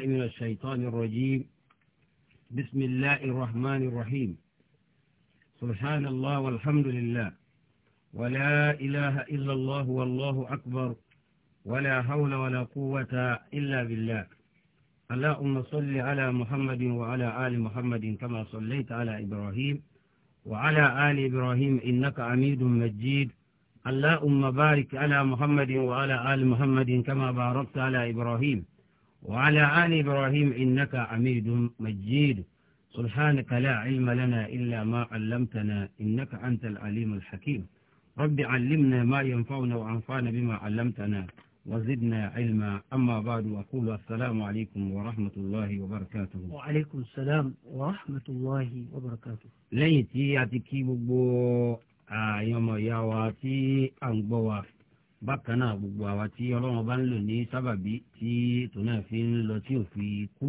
من الشيطان الرجيم بسم الله الرحمن الرحيم سبحان الله والحمد لله ولا إله إلا الله والله أكبر ولا حول ولا قوة إلا بالله اللهم صل على محمد وعلى آل محمد كما صليت على إبراهيم وعلى آل إبراهيم إنك عميد مجيد اللهم بارك على محمد وعلى آل محمد كما باركت على إبراهيم وعلى آل إبراهيم إنك عميد مجيد سبحانك لا علم لنا إلا ما علمتنا إنك أنت العليم الحكيم رب علمنا ما ينفعنا وأنفعنا بما علمتنا وزدنا علما أما بعد أقول السلام عليكم ورحمة الله وبركاته وعليكم السلام ورحمة الله وبركاته ليتي أتكي بو آه، يوم يواتي أنبوافي bákan náà gbogbo àwa tí ọlọ́run bá ń lò ní sábàbí tí ètò náà fi ń lọ tí ò fi kú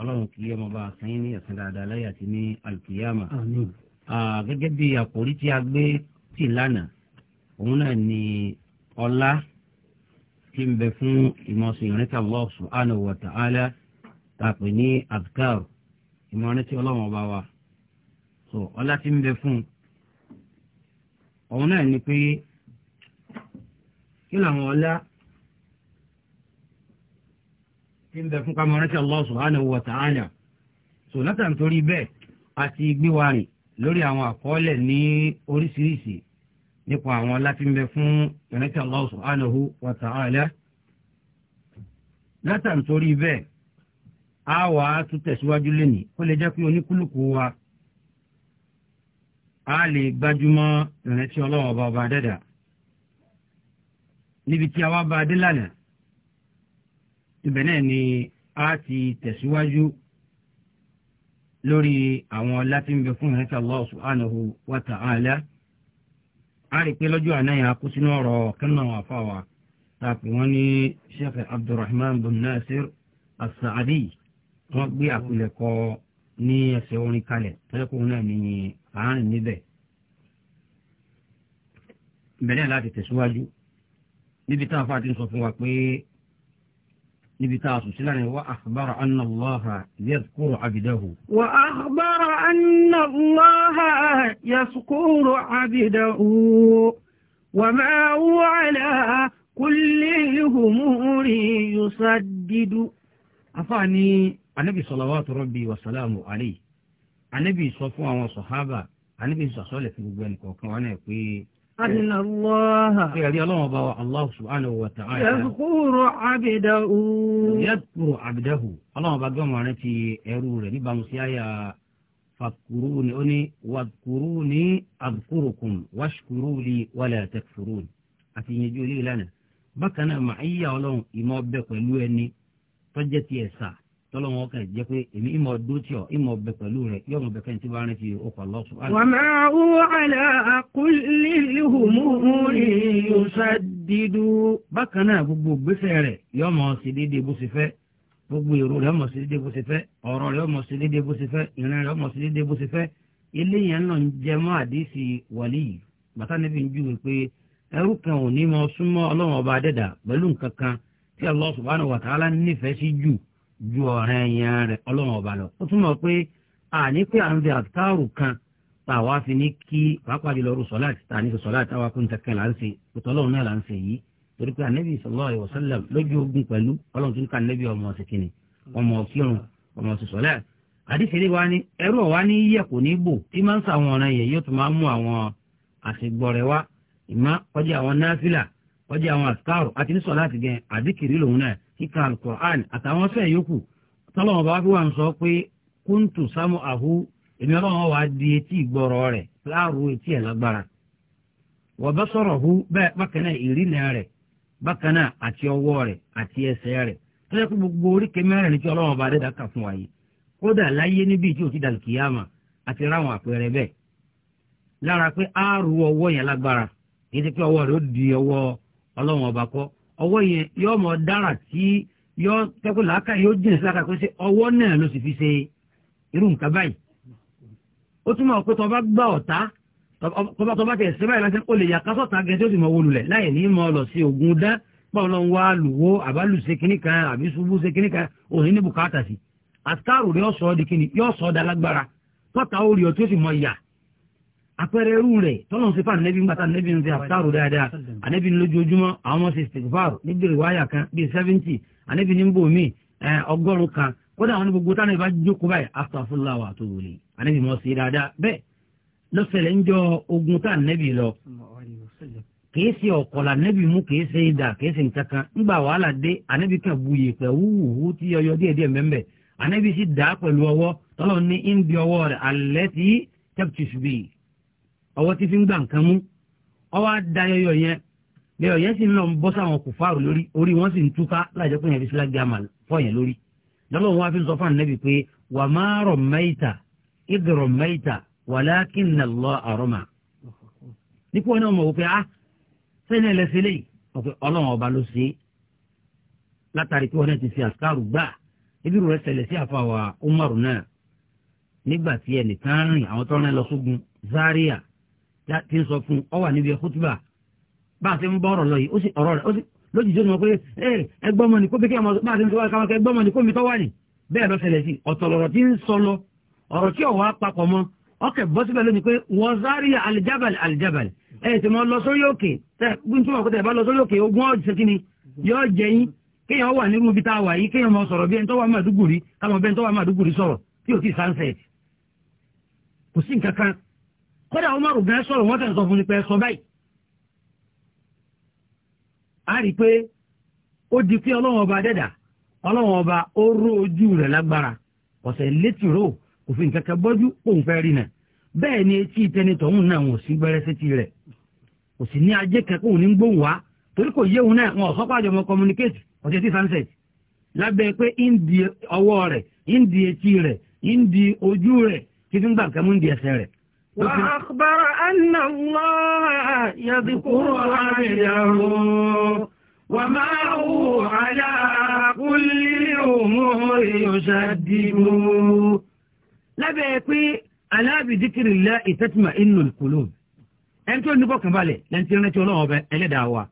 ọlọ́run kì í ọmọ bá a sẹ́yìn ní ẹ̀sìn dáadáa láyé àti ní alkiyama. gẹ́gẹ́ bí àkòrí tí a gbé tì lánàá òun náà ni ọlá tí ń bẹ fún ìmọ̀sìn ìrìnkà Allah subhanahu wa ta'ala tàpé ní adkar ìmọ̀rin tí ọlọ́run ọba wa. ọlá tí ń bẹ fún òun náà ni pé kí làwọn ọlá tí ń bẹ fún kámọ rántí Allah subhanahu wa ta'ala so látàn torí bẹ́ẹ̀ àti gbéwàrì lórí àwọn àkọọ́lẹ̀ ní oríṣiríṣi nípa àwọn ọlá tí ń bẹ fún rántí Allah subhanahu wa ta'ala látàn torí bẹ́ẹ̀ á wà á tún tẹ̀síwájú lẹ́nìí ó lè jẹ́ pé oníkúlùkù wa á lè gbájúmọ́ ìrántí ọlọ́wọ́ ọba ọba dẹ́dàá níbi tí a wá bá adé lánàá ibẹ̀ náà ni a ti tẹ̀síwájú lórí àwọn ọlá tí ń bẹ fún ìrántí Allah subhanahu wa ta'ala a rí i pé lọ́jọ́ àná yẹn a kó sínú ọ̀rọ̀ kánà wà fà wá tàbí wọ́n ní Sheikh Abdulrahman bin Nasir as-Saadi gbé àpilẹ̀kọ ní ẹsẹ̀ orin kalẹ̀ tẹ́lẹ̀kùn náà ní àárín níbẹ̀ bẹ̀rẹ̀ láti tẹ̀síwájú níbi tá a fa ti sọ fún wa pé níbi tá a sùn sílẹ̀ ni wà akhbara anna Allaha yadhkuru abidahu. wà akhbara anna Allaha yadhkuru abidahu wà máa wú àlà kulli humuri yusaddidu. afa ni anabi salawatu rabbi wa salamu alayhi anabi sọ fún àwọn sọ̀hábà anabi sọ̀sọ́lẹ̀ fún gbogbo ẹnì kọ̀ọ̀kan wọn náà pé. أن الله الله سبحانه وتعالى يذكر عبده يذكر عبده الله bá gbọ́n mọ̀ràn ti ẹrú rẹ̀ níbàámu sí àyà fakuruni ó ní wakuruni adkurukum washkuruli wala takfurun àti ìyẹn ju ilé ìlànà bákan náà màáyà ọlọ́run ìmọ̀ ọbẹ̀ pẹ̀lú ẹni tọ́jẹ́ ti ẹ̀ sáà tọ́lọ́ wọn kàn jẹ́ pé èmi ìmọ̀ dútíọ̀ ìmọ̀ bẹ pẹ̀lú rẹ̀ yọ̀ mọ̀ bẹ̀kẹ́ tí wàá rántí ọkọ̀ lọ́sùn. wà máa ń wàlà àkúlé lìhùmùrì yòṣàdìdú. bákan náà gbogbo gbèsè rẹ̀ yọ̀ mọ̀ sí déédéé bó ṣe fẹ́ gbogbo èrò rẹ̀ mọ̀ sí déédéé bó ṣe fẹ́ ọ̀rọ̀ rẹ̀ mọ̀ sí déédéé bó ṣe fẹ́ ìrìn rẹ̀ mọ̀ sí déédéé bó ṣe fẹ́ eléyàn náà ń jẹ mọ́ àdéhìsì wàlí bàtà níbi ń júwe pé ẹrú kan ò ní mọ súnmọ́ ọlọ́run ọba adẹ́dà pẹ̀lú nǹkan kan tí Allah subhanahu wa ta'ala nífẹ̀ẹ́ sí jù ju ọ̀ràn ẹ̀yàn rẹ̀ ọlọ́run ọba lọ. ó túmọ̀ pé àní pé à ń bẹ àtàrù kan tá a wá fi ní kí pàápàá jùlọ ọrùn sọ́lá àti tàní sọ́lá àti àwọn akóńtà kan là ń ṣe òtọ́lọ́run náà là ń ṣe yìí torí pé ànẹ́bí sallallahu alaihi wasallam lójú ogun pẹ̀lú ọlọ́run tó ní ká ànẹ́bí ọmọ ọ̀sẹ̀ kìnnì ọmọ ọ̀kírun ọmọ ọ̀sẹ̀ sọ́lá àdìsẹ́lẹ̀ wa ní ẹrú ọ̀wá ní yíyẹ kò ní bò tí máa ń sa àwọn ọ̀ràn yẹn yóò tún máa mú àwọn àṣegbọ̀rẹ̀ wa ìmá kọjá àwọn náfìlà kọjá àwọn àṣkárò àti ní sọ́lá àti gẹ̀ lòun náà kíka alukur'an àtàwọn sẹ́ẹ̀ yòókù tọ́lọ́mọ bá fi wà ń sọ pé kúntù sámú àhú èmi ọlọ́wọ́n wàá di etí ìgbọ́rọ̀ rẹ̀ láàrú etí ẹ̀ lágbára wọ́n bá sọ̀rọ̀ hu bẹ́ẹ̀ bákan náà ìrìnà rẹ̀ bákan náà àti ọwọ́ rẹ̀ àti ẹsẹ̀ rẹ̀ tó yẹ kó gbogbo oríkèé mẹ́rin tí ọlọ́wọ́n bá dẹ́dá kà fún wa yìí kódà láyé níbi tí ò ti dàlùkìyàmà àti ráwọn àpẹẹrẹ bẹ́ẹ̀ lára pé àrùn ọwọ́ yẹn lágbára kì í ti pé ọwọ́ rẹ̀ ó di ọwọ́ ọlọ́wọ́n ọba kọ́ ọwọ́ yẹn yóò mọ dára tí yóò tẹ́kọ̀ làákà yóò jìnnà sí làákà pé ṣe ọwọ́ náà ló sì fi ṣe irú nǹkan báyìí ó túmọ̀ pé tọba gbà ọ̀tá tọba tọba tẹ̀ ṣe báyìí lásán ó lè yàká sọ̀tà gẹ̀ẹ́sì ó sì mọ owó lulẹ̀ láì ní mọ lọ sí ogun dá báwo lọ ń wá lùwó àbálù ṣe kínní kan àbí ṣubú ṣe kínní kan òní ní bùkátà sí àtàrò rẹ̀ ọ̀sọ́ di kínní yóò sọ ọ́ da tọ́ta ó rí ọ tí ó sì mọ ìyà apẹẹrẹ irú rẹ̀ tọ́lọ́n sí fún ànẹ́bí ńgbàtà ànẹ́bí ń fi àfitárò dáadáa ànẹ́bí ń lójoojúmọ́ àwọn ọmọ sí stigvar níbi kan bíi seventy ànẹ́bí ní bòmí ọgọ́rùn kan kódà àwọn gbogbo táwọn ìbá jókòó báyìí astaghfirullah wa atubu ilayh ànẹ́bí mọ̀ sí dáadáa bẹ́ẹ̀ lọ́sẹ̀lẹ̀ ń jọ ogun tá ànẹ́bí lọ kìí ṣe ọ̀kọ̀ lànẹ́bí mú kìí ṣe ìdà kìí ṣe nǹkan kan ńgbà wàhálà dé ànẹ́bí kan buyè pẹ̀ wúwú tí yọyọ díẹ̀díẹ̀ ọwọ́ tí fi ń gbà nǹkan mú ọwọ́ da yọyọ yẹn yọyọ yẹn sì ń lọ bọ́ sáwọn kùfàrù lórí orí wọn sì ń túká láìjẹ́ pé yẹn fi sílá gíàmà fọ́ yẹn lórí lọ́lọ́ wọn fi sọ fún ànábì pé wà má rọ̀ mẹ́ta ìdọ̀rọ̀ mẹ́ta wàlákì nà lọ àrọ́mà nípò náà mọ̀ wípé ah sẹ́ni ẹlẹ́sẹ̀ lé ọlọ́run ọba ló ṣe látàrí pé wọn ti fi àṣkárù gbà ibi rẹ̀ ṣẹlẹ̀ sí àfàwà Umaru náà nígbà tí ẹnìkan rìn àwọn tó lọ sógun Zaria tí ń sọ fún ọ wà níbi ẹkútùbà bá a ti ń bọ́ ọ̀rọ̀ lọ yìí ó sì ọ̀rọ̀ rẹ̀ ó sì lójijì ó ti mọ̀ pé ẹ ẹgbọ́n mọ̀ ní kó pékè ọmọ bá a ti ń sọ wáyé káwọn ẹgbọ́n mọ̀ ní kó mi tọ́ wà ní bẹ́ẹ̀ lọ ṣẹlẹ̀ sí ọ̀tọ̀ lọ̀rọ̀ tí ń sọ lọ ọ̀rọ̀ tí ọ̀wọ́ apapọ̀ mọ́ ọkẹ̀ bọ́ síbẹ̀ lónìí pé wọ́n zárí alijabal alijabal ẹ ti mọ lọ sórí òkè tẹ gbúntú ọkọ̀ tẹ̀ bá lọ sórí òkè ogun ọ̀jẹ̀ kí ni yóò jẹ yín kéèyàn wà nínú ibi tá a wà yìí kéèyàn mọ sọ̀rọ̀ bí ẹni tó wà Màdúgùrí káwọn bẹ́ẹ̀ tó wà Màdúgùrí sọ̀rọ̀ kódà Umar gan sọ̀rọ̀ wọ́n tẹ̀sán fún ni pé sọ báyìí a rí i pé ó di pé ọlọ́wọ́n ọba dẹ́dà ọlọ́wọ́n ọba ó ró ojú rẹ̀ lágbára ọ̀sẹ̀ létíró òfin kankan bọ́jú òun fẹ́ rí náà bẹ́ẹ̀ ni etí ìtẹni tọ̀hún náà wọ́n sí gbẹ́rẹ́ sétí rẹ̀ kò sì ní ajé kẹ́kọ̀ọ́ ní gbóhùn wá torí kò yéwu náà wọn ò sọ́pọ̀ àjọmọ́ communicate ọ̀sẹ̀ tí sunset lábẹ́ pé ń di ọwọ́ rẹ̀ ń di etí rẹ̀ ń di ojú rẹ̀ títí ń gbà kẹ́mú ń di ẹsẹ̀ rẹ̀ وأخبر أن الله يذكر عبده وما هو على كل أمور يسدد lábẹ́ pé aláàbìdíkìrì lẹ́ ìtẹ́tìmọ̀ inú kùlùm ẹni tó níbọ̀ kan balẹ̀ lẹ́ni tí rántí ọlọ́wọ́ ọbẹ̀ ẹlẹ́dàá wa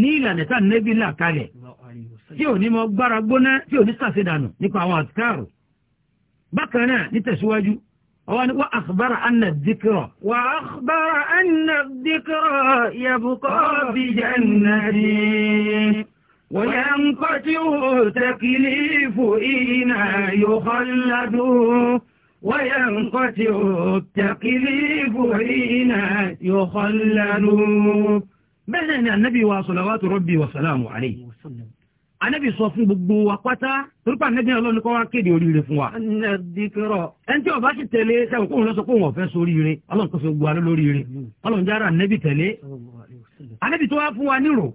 ní ìlànà tá nẹ́bí là kalẹ̀ tí ò ní mọ gbára gbóná tí ò ní sàṣedànù nípa àwọn àtikárò bákan náà nítẹ̀síwájú وأخبر أن الذكرى وأخبر أن الذكرى يبقى آه. بجنتي وينقطع التكليف إنا يخلد وينقطع التكليف إنا يخلد بين النبي وصلوات ربي وسلامه عليه anabi sọ fún gbogbo wa pátá torípa anabi náà kọ́ wá kéde oríire fún wa. ẹnìdìkìrọ. ẹni tí ọba sì tẹ̀lé sẹ́wọ̀n sóríire ọlọ́run fi gbogbo alẹ́ lóríire ọlọ́run jára anabi tẹ̀lé. anabi tó wá fún wa nírò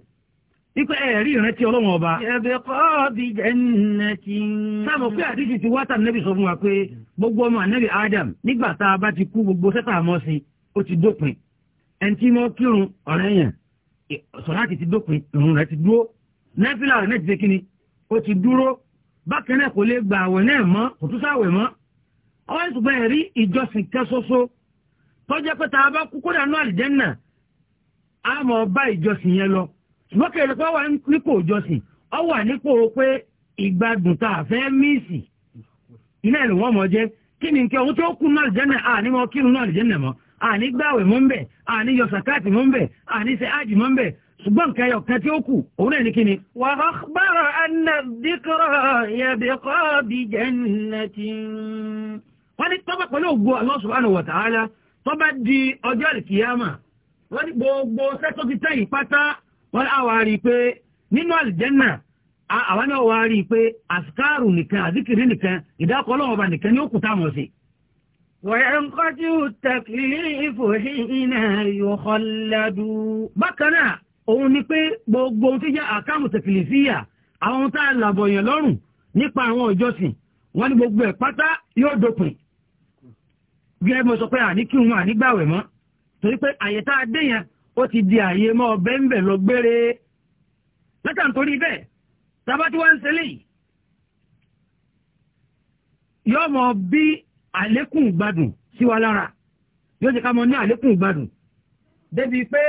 ipe ẹ̀rí ìrántí ọlọ́run ọba. ẹ̀bẹ̀ kọ́ bí jẹ́nẹ̀tì. pé àdìsí ti wá sọ fún wa pé gbogbo ọmọ Adam nígbà tá a bá ti kú gbogbo sẹ́tà sí ó ti dópin nẹ́fìlà rẹ̀ méjì kíni ó ti dúró bákan náà kò lè gba àwẹ̀ náà mọ́ kò tún sáwẹ̀ mọ́ ọwọ́ ẹ̀rí ìjọsìn kan ṣoṣo pé tá a bá kú kódà nú àlìjẹ́nà á mọ̀ bá ìjọsìn yẹn lọ ṣùgbọ́n kèrè pé wà nípò ìjọsìn a fẹ́ iná mọ̀ jẹ́ kí ni ohun tó àlìjẹ́nà ṣùgbọ́n nǹkan ẹyọ kan tí ó kù òun náà ní kí ni. wà á bára anna dìkọ́rọ̀ yẹ̀bẹ̀kọ́ bí jẹ́nìyàtì. wọ́n ní tọ́ba pẹ̀lú ògbó Allah subhanahu wa ta'ala tọ́ba di ọjọ́ àlìkìyàmà wọ́n ní gbogbo sẹ́tọ́ ti tẹ́yìn pátá wọ́n á rí pé nínú àlìjẹ́nà àwọn náà wá rí pé àsìkáàrù nìkan àdìkìrì nìkan ìdákọ́ ọlọ́wọ́ ọba nìkan ni ó kù táwọn sí. وينقطع التكليف حين يخلد بكنا òun ni pé gbogbo ohun tí jẹ́ àkàmù tẹ̀kìlìfíyà àwọn tá a làbọ̀ yẹn lọ́rùn nípa àwọn ìjọsìn wọ́n ní gbogbo ẹ̀ pátá yóò dópin bí ẹ mọ̀ sọ pé àní kí wọn àní gbàwẹ̀ mọ́ torí pé àyè tá a dé yẹn ó ti di àyè mọ́ ọbẹ̀ ń bẹ̀ lọ gbére lẹ́tà nítorí bẹ́ẹ̀ tábà wọ́n ń ṣe léyìí yóò mọ bí àlékún ìgbádùn sí wa lára yóò jẹ́ ká mọ ní àlékún ìgbádùn débi pé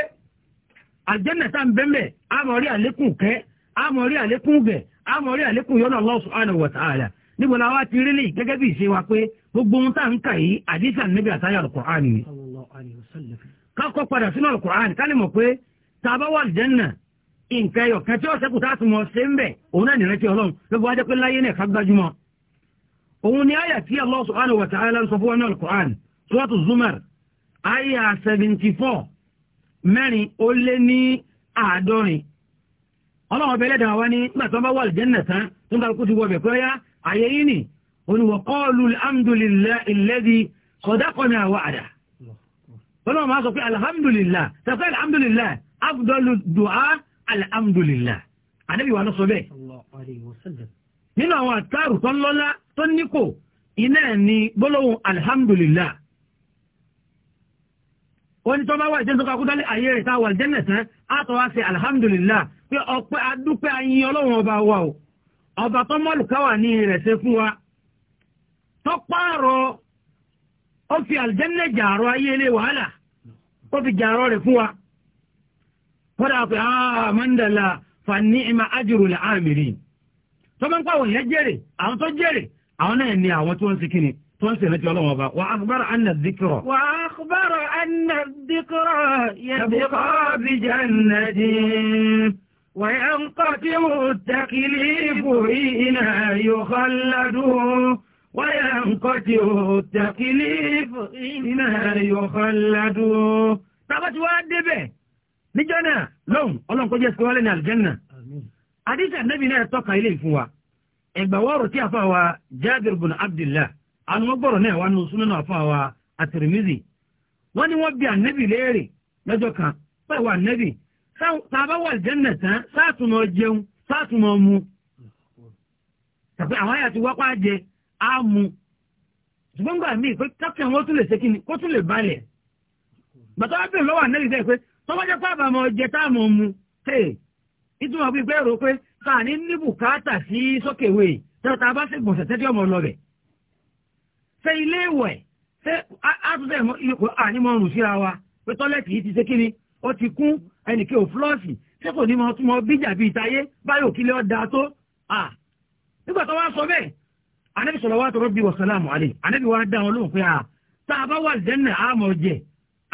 àjẹ́nà tá ń bẹ́mẹ̀ àmọ̀rí àlékún kẹ́ àmọ̀rí àlékún bẹ̀ àmọ̀rí àlékún yọ́nà Allah subhanahu wa ta'ala níbo la wá ti rí lè gẹ́gẹ́ bí ìṣe wa pé gbogbo ohun tá ń kà yìí àdísà níbi àtàyà alukur'an ni. kákọ́ padà sínú alukur'an ká lè mọ̀ pé tá a bá wà àjẹ́nà nǹkan ẹyọ kan tí ó ṣẹ́kù tá a tún mọ̀ ṣe ń bẹ̀ òun náà nìrètí ọlọ́run lọ́gbọ́ mẹ́rin ó lé ní àádọ́rin ọlọ́run ọbẹ̀ ẹlẹ́dàá wa ní nígbà tí wọ́n bá wà lìjẹ́nà tán tó ń ká kó ti wọ ọbẹ̀ pé ọyá àyè yìí nì oníwọ̀ kọ́ọ̀lù alhamdulillahi alladhi sadaqana wa'ada ọlọ́run máa sọ pé alhamdulillah tẹ̀sán alhamdulillah afdalu du'a alhamdulillah àdébí wa ló sọ bẹ́ẹ̀ nínú alhamdulillah ó ní tó bá wà ìjẹ́ tó kakú dálé ayé rẹ̀ táwà jẹ́nẹ̀ tán àtọ́ wá sí alhamdulillah pé ọpẹ́ adúpẹ́ ayin ọlọ́run ọba wa o ọba tó mọ́lùkáwà ní rẹ̀ ṣe fún wa tó pààrọ̀ ó fi àlìjẹ́nẹ̀ jàrọ̀ ayé ilé wàhálà ó fi jàrọ̀ rẹ̀ fún wa kódà pé àmàndàlà fani ìmà ájúrò lẹ́ àmìrì tó bá pàwọ̀ yẹn jèrè àwọn tó jèrè àwọn náà ni àwọn tó ń sikini tó ń sèrántí ọlọ́wọ́ bá wà ákùbára anna dìkìrọ̀. wà ákùbára anna dìkìrọ̀ yẹ̀dìkọ́ bí jẹ́nàdì wàyán kọ́tíwò tàkìlífò ìhìnà yóò kọ́ládù wàyán kọ́tíwò tàkìlífò ìhìnà yóò kọ́ládù. tàbátí wá débẹ̀ níjọ́ náà lọ́hùn ọlọ́nkọ́jẹ́ sọ wọlé ní tọ́ka ilé ìfún wa ẹ̀gbà tí a fà wa jábìrì bùn abdullah àwọn ọgbọ̀rọ̀ náà wà nínú súnmọ́nà àfọwà àtìrìmìzì wọ́n ní wọ́n bí ànẹ́bì léèrè lọ́jọ́ kan pẹ̀lú ànẹ́bì sábà wà jẹ́nà tán sáàtúmọ̀ jẹun sáàtúmọ̀ mu tàbí àwọn àyà ti wápá jẹ á mu ṣùgbọ́n gbà míì pé kápẹ́ wọn tún lè ṣe kíni kó tún lè balẹ̀ bàtà wá bẹ̀rẹ̀ lọ́wọ́ ànẹ́bì bẹ́ẹ̀ pé tọ́wọ́ jẹ́ pàbà mọ̀ jẹ táàmù mu hey ìtumọ̀ bíi pé rò pé ká ní níbùkátà sí sókèwé tẹ́lẹ̀ tá a bá ṣègbọ̀nsẹ̀ tẹ́lẹ̀ ọmọ lọ rẹ̀ ṣe ilé ìwẹ̀ ṣe àtúnṣe ìlúkọ ànímọ̀rùn síra wa pé tọ́lẹ̀tì yìí ti ṣe kíni ó ti kún ẹnìkẹ́ ò fúlọ́ọ̀sì ṣé kò ní mọ túmọ̀ bíjà bíi ìtayé báyò kílẹ̀ ọ̀dà tó à nígbà tó wá sọ bẹ́ẹ̀ anabi sọ̀rọ̀ wa tọrọ bí wàsálàmù alẹ́ anabi wa dá wọn lóhùn pé à tá a bá wà lẹ́nà àmọ̀ jẹ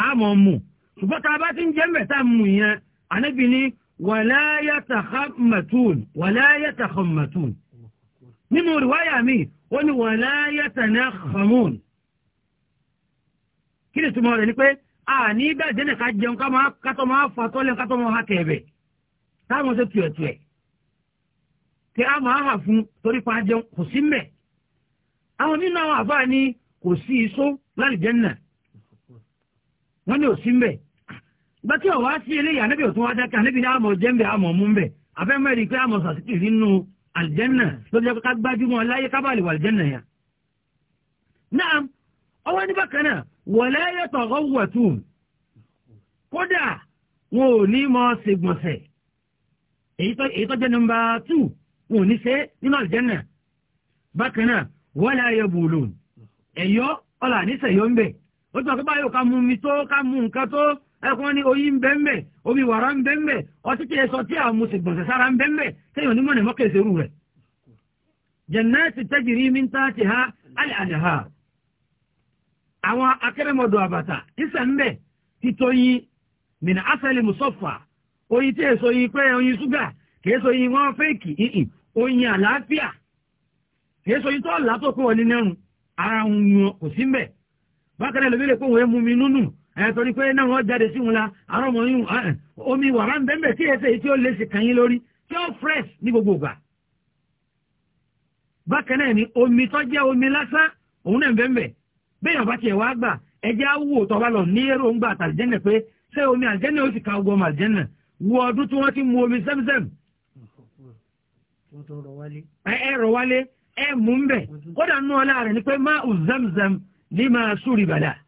àmọ̀ mu ṣùgbọ́n tá a bá ti ń jẹ́ mẹ́ta mu yẹn anabi ni wàláyàtàkàmàtún wàláyàtàkàmàtún nínú rìwáyà mi ó ní wọ́n láyàtàná hamun kí ni túmọ̀ rẹ̀ ni pé àní bẹ́ẹ̀ dẹ́nà ká jẹun kátó máa fà tọ́lẹ̀ kátó máa hà kẹ̀ẹ̀bẹ̀ táwọn ṣe tùẹ̀tùẹ̀ kí a máa hà fún torí pa jẹun kò sí mbẹ̀ àwọn nínú àwọn àbá ni kò sí iṣó lálìjẹ́nà wọ́n ní ò sí mbẹ̀ ìgbà tí ọ̀wá sí eléyìí ànábì òtún wá dákẹ́ ànábì ní àmọ̀ jẹ́mbẹ̀ àmọ̀ mú mbẹ̀ àfẹ́mẹ́rin pé àmọ̀ sàtìkì nínú àlìjẹ́nà ló jẹ́ ká gbájúmọ́ láyé kábàlì wà àlìjẹ́nà yẹn. náà ọwọ́ ní bákan náà wọ̀lẹ́ yẹtọ̀ ọwọ́ tù kódà wọn ò ní mọ ṣègbọ̀nsẹ̀ èyí tó jẹ́ nọmba tù wọn ò ní ṣe nínú àlìjẹ́nà bákan náà wọ́lẹ́ ayé bùlù ẹ̀yọ́ ọ̀là àníṣẹ̀yọ́ ń bẹ̀ ó ti sọ pé báyọ̀ ká mú mi tó ká mú nǹkan tó ẹ̀kọ́ ni oyin ń bẹ ń bẹ omi wàrà ń bẹ ń bẹ ọtí tí ẹsọ tí àwọn na gbọ̀nsẹ̀ sára ń bẹ ń bẹ sẹ́yìn onímọ̀ ní mọ́kẹ́sẹ̀ rú rẹ̀. jannati tajri min tahtiha al-anhar. àwọn akẹ́rẹ́mọdọ̀ àbàtà ìsẹ̀ ń bẹ titoyin min asali musaffa oyin tí èso yin pé oyin ṣúgà kèéso yin wọ́n oyin àlàáfíà yin tó e torí pé náà wọ́n jáde sí wọn la àárọ̀ mọ́ omi wàrà ń bẹ́ẹ̀ tí ẹsẹ̀ yìí tí ó lè kàn yín lórí tí ó fresh ní gbogbo ìgbà. bákan náà ni omi tó jẹ́ omi lásán òun náà ń bẹ́ẹ̀ bẹ́ẹ̀ yàn bá tiẹ̀ wá gbà ẹjẹ́ awò tó bá lọ pé ṣé omi àlìjẹ́nà ó sì ka ọgbọ́n àlìjẹ́nà wo ọdún tí wọ́n ti mu omi sẹ́mísẹ́m.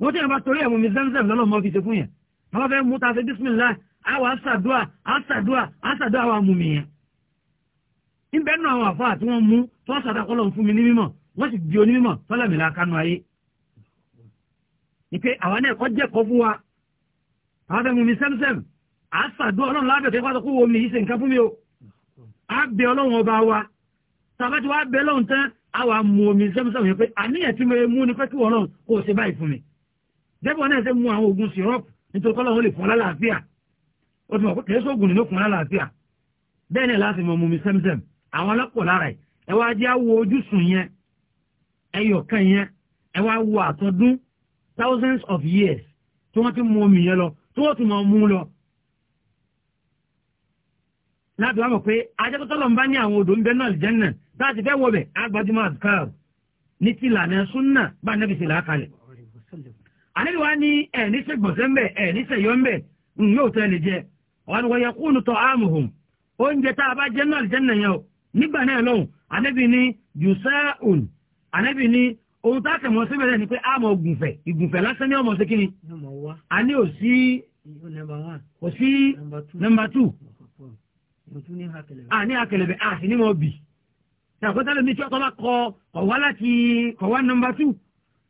wọ́n tí wọ́n bá torí ẹ̀mú mi zemzem lọ́lọ́ mọ́ fi ṣe fún yẹn wọ́n fẹ́ mú ta ṣe bísímìlá àwọn asàdúà asàdúà asàdúà àwọn amúmi yẹn. níbẹ̀ nù àwọn àfáà tí wọ́n mú tí wọ́n sàdá kọ́lọ̀ fún mi ní mímọ̀ wọ́n sì di onímọ̀ tọ́lẹ̀mìlá kánú ayé. ìpè àwọn náà kọ́ jẹ́ kọ́ fún wa àwọn fẹ́ mú mi zemzem asàdúà ọlọ́run lábẹ́ kí wọ́n sọ pé wo mi yìí ṣe wa tàbátí wàá bẹ ọlọ́run zemzem yẹn pé àníyàn tí ni pé kí wọ́n náà kó o jẹ́bọ̀ náà ṣe mú àwọn oògùn sirop nítorí kọ́lọ́ wọn lè fún lálàáfíà ó ti mọ̀ pé kìí sóògùn nínú fún lálàáfíà bẹ́ẹ̀ náà láti mọ̀ mumi sẹ́msẹ́m àwọn ọlọ́pọ̀ lára ẹ̀ ẹ wá jẹ́ àwọ ojúsùn yẹn ẹyọ kan yẹn ẹ wá wo àtọ́dún thousands of years tí wọ́n ti mú omi yẹn lọ tí wọ́n ti mọ̀ mú lọ láti wá mọ̀ pé ajẹ́kọ́tọ́lọ́ ń bá ní àwọn odò ń àníbi wá ní ẹ̀ẹ́ní ṣègbọ̀nsẹ̀ ńbẹ̀ ẹ̀ẹ́ní ṣèyọ́ ńbẹ̀ ń yóò tẹ́ lè jẹ wọn wọ yakunu tọ amuhum oúnjẹ tá a bá jẹ náà jẹ nàyẹn o nígbà náà lọ́hùn àníbi ní jùsẹ́ùn àníbi ní ohun tá a kẹ̀ mọ́ síbẹ̀ ni pé àmọ́ ògùnfẹ̀ ìgùnfẹ̀ lásán ní ọmọ sí kí ni a ní ò sí ò sí nọmba tù a ní akẹlẹ̀bẹ̀ a sì ní mọ̀ bì ṣàkóso àlọ́ mi tí ọkọ̀ bá kọ kọ̀ láti kọ̀ nọmba tù